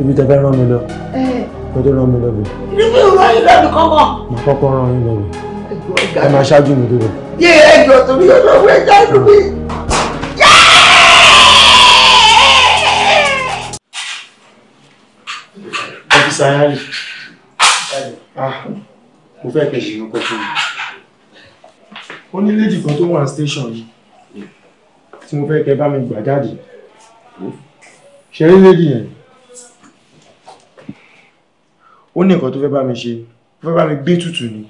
Ibi tẹ fẹ́ rán mi lọ. Eh. Kò tó rán mi lọ bẹ̀. Ibi ò rán yín lọ bí kọ́kọ́. Màá kọ́kọ́ rán yín lọ bẹ̀. Ẹ máa ṣáájú mi débẹ̀. Yé ẹjọ́ torí olówó ẹja ìlú mi. Ẹbí Sayari. Ah, mo fẹ́ kẹ́ ṣe ìrúkọ fún mi. Ó ní léjì kan tó wà ní station yìí tí mo fẹ́ kẹ́ bá mi gbà jáde ṣe rí lédi yẹn ó ní nǹkan tó fẹ́ bá mi ṣe ó fẹ́ bá mi gbé tútù ni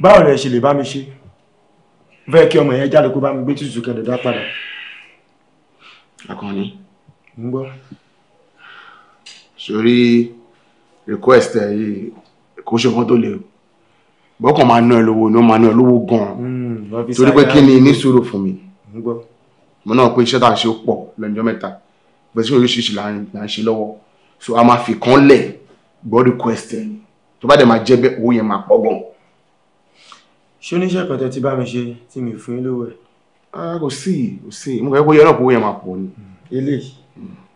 báwo lẹ ṣe lè bá mi ṣe fẹ́ kí ọmọ yẹn jáde kó bá mi gbé tútù kẹ́lẹ̀ dá padà. akọni. ń gbọ́. sórí request ẹ yìí kò ṣe nǹkan tó le o bọ́kàn máa ná ẹ lówó ni ó máa ná ẹ lówó gan-an hmm, torí pé kí ni ní sùúrù fún mi. ń gbọ́ mo náà pé iṣẹ́ tá à ń ṣe ó pọ̀ lọ́jọ́ mẹ́ta bẹ́ẹ̀ oríṣiríṣi là ń ṣe lọ́wọ́ so a máa fi kan lẹ̀ gbọ́ request ẹ̀ tó bá dẹ̀ máa jẹ́ bẹ́ẹ̀ owó yẹn máa pọ̀ gan. ṣé oníṣẹ́ kan tẹ ti bá mi ṣe tí mi fún yín lówó ẹ̀. kò sí kò sí mo kàn yẹ kó yẹ náà kó owó yẹn máa pọ̀ ni. ilé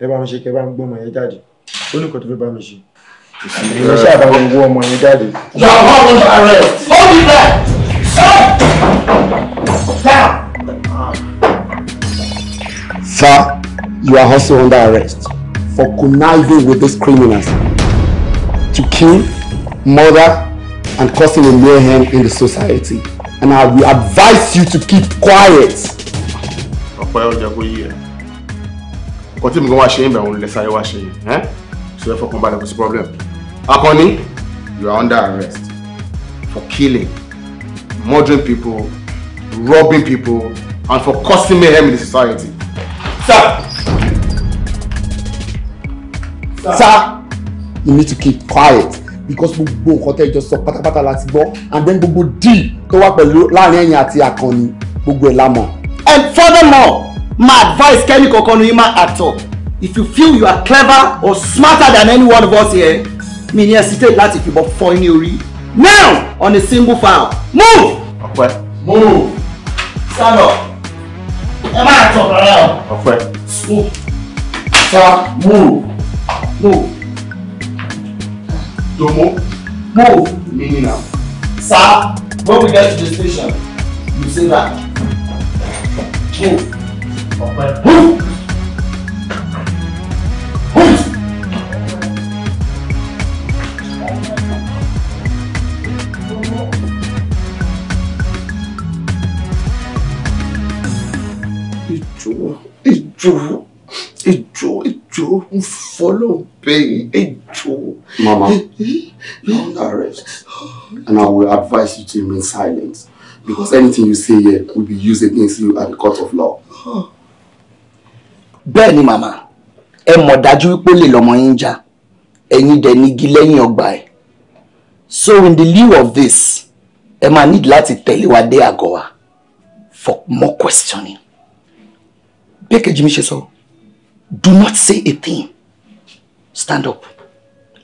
ẹ bá mi ṣe kẹ bá mi gbọ́ ọmọ yẹn jáde ó ní kò tó fẹ́ bá mi ṣe. ìṣèlú ṣáà Sir, you are also under arrest for conniving with these criminals to kill, murder, and causing a mayhem in the society. And I will advise you to keep quiet. ọ̀pẹ́ ọjà kò yí ẹ̀ kò tí mi kò wá ṣe ìbẹ̀ òun lè sáré wá ṣe problem. Akọni, you are under arrest for killing, murdering people, robbing people, and for causing mayhem in the society. Sir. Sir. you need to keep quiet because we nǹkan hotel just so sọ pátápátá la ti and then we go deep to work láàrin ẹ̀yin àti àkànni gbogbo ẹ̀ la mọ̀. And furthermore, my advice kẹ́ni kankan ni human actor if you feel you are clever or smarter than any one of us here mi ni hesitate láti fìbọn fọ́ ní orí now on a single file move. ọpẹ move stand up ẹ máa tọ̀ rárá o. ọpẹ. sa mo mo domo mo meaning am. sa when we get to the station you say that mo ọpẹ. jọ̀ọ́ ẹ jọ̀ọ́ ẹ jọ̀ọ́ ń fọlọ́ bẹ́yìn ẹ jọ̀ọ́. Mama, you're under arrest and I will advise you to remain silent because anything you say here will be used against you at the court of law. Bẹ́ẹ̀ Mama, màmá, ẹ mọ̀ dájú wípé ó lè lọ́mọ yín jà, ẹ̀yin dẹ̀ nígi lẹ́yìn ọgbà ẹ̀. So in the lieu of this, ẹ máa need láti tẹ̀lé wa dé àgọ́ wa for more questioning bẹ́ẹ̀kejì mi ṣe sọ do not say a thing stand up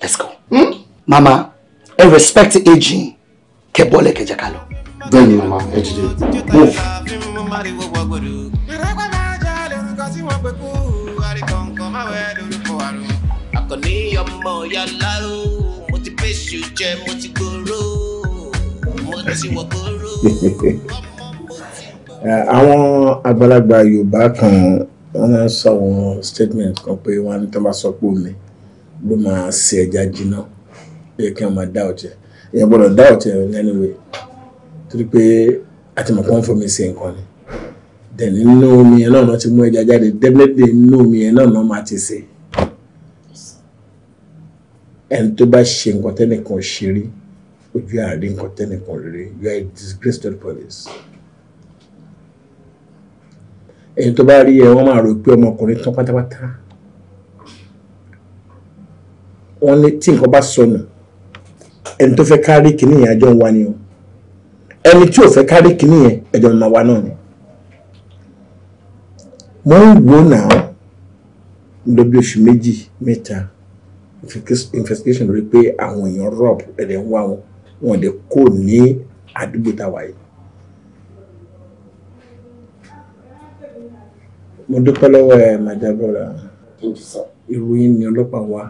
let's go. Hmm? mama I respect aging kẹ bọ́ọ̀lù kẹjẹ ká mama ẹ move. akọni ọmọ yàrá o mo ti bẹ́sù jẹ àwọn àgbàlagbà Yorùbá kan wọn máa ń sọ àwọn statement kan pé wọn ní tó bá sọ pé omi ló máa ṣe ẹja jiná pé kí wọn máa dá ọ̀tẹ̀ èèyàn gbọ́dọ̀ dá ọ̀tẹ̀ lẹ́nu wẹ torí pé àtìmọ̀ kan fọmi ṣe nǹkan ni then nínú omi yẹn náà ti mú ẹja jáde definitely nínú omi yẹn náà máa ti ṣe ẹni tó bá ṣe nǹkan tẹ́nìkan ṣe rí ojú àárín nǹkan tẹ́nìkan rí you are a disgraced police ẹni tó bá rí ẹ wọ́n máa rò pé ọmọkùnrin tán pátápátá wọ́n ní tí nǹkan bá sọnù ẹni tó fẹ́ kárí kìíní yẹn àjọ ń wá ni o ẹni tí ò fẹ́ kárí kìíní yẹn ẹjọ́ máa wá náà ni mo ń wò náà ló oṣù méjì mẹ́ta investigation rí pé àwọn èèyàn rọ̀b ẹ̀rẹ̀ ń wá wọn wọn ò kó ní àdúgbò táwa yìí mo dúpẹ́ lọ́wọ́ ẹ màjá bọ́ra ìròyìn ni ọlọ́pàá wa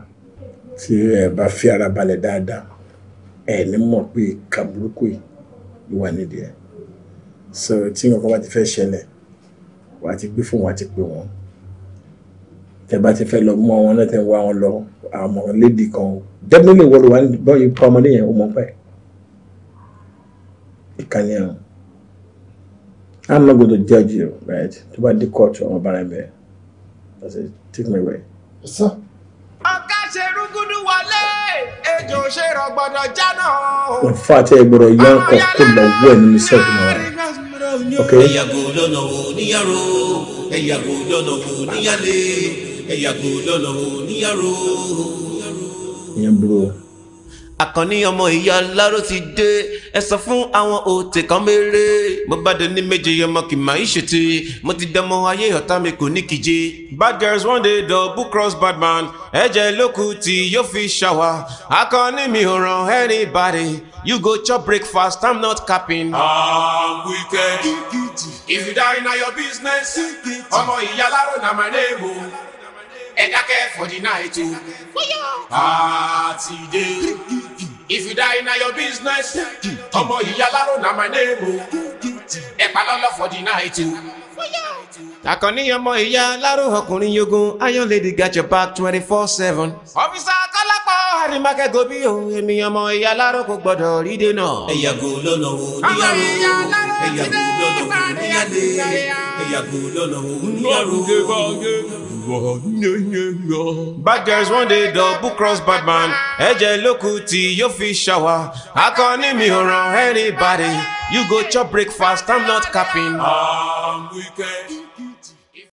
tí ẹ bá fi ara balẹ̀ dáadáa ẹ ní mọ̀ pé kàbúrúkú yìí wà nídìí ẹ so tí nǹkan bá ti fẹ́ ṣẹlẹ̀ wàá ti gbé fún wa ti pè wọ́n tẹ́ bá ti fẹ́ lọ mú àwọn náà tẹ́ wá wọn lọ àmọ́ lédi kan definitely wọ́n lò wá bọ́ ipa ọmọdé yẹn ó mọ̀ pẹ́ ìkànnì àrùn. I'm not going to judge you, right? To buy the culture or Barambe. I said, take me away. Yes, sir. In fact, I brought a young couple of women in seven hours. Okay? Ìyẹn bro àkànní ọmọ ìyá aláró ti dé ẹ sọ fún àwọn òtè kan méré mo bá dé ní méje ọmọ kì máa ń ṣètè mo ti dẹmọ ayé ọ̀tá mi kò ní kíje. bad girls one day double cross bad man ẹ̀jẹ̀ lókù tí yóò fi ṣàwà àkànní mi ò ràn anybody you go chop breakfast i'm not capping. i'm wicked if you die na your business ọmọ ìyá aláró na my name o. Oh ẹ dákẹ́ for the night o. party day if you die na your business ọmọ ìyá láró na my name o ẹ palọ́lọ́ for the night o. Àkànní ọmọ ìyá Láró ọkùnrin yogun Iron Lady got your back twenty four seven. Ọ̀fíìsà Kọ́lápọ̀ Àrìmákẹ́ gobi o, èmi ọmọ ìyá Láró kò gbọ́dọ̀ rí dènà. Ẹ̀yàgò lọ́nà wo níyàrá o, ẹ̀yàgò lọ́nà wo níyàlé, ẹ̀yàgò lọ́nà wo níyàrá o. Bad girls one day double cross bad man. Ẹ̀jẹ̀ ló kù tí yóò fi ṣàwà. Akọni mi ò ràn anybody. You go chop breakfast, I'm not capping. I'm wicked.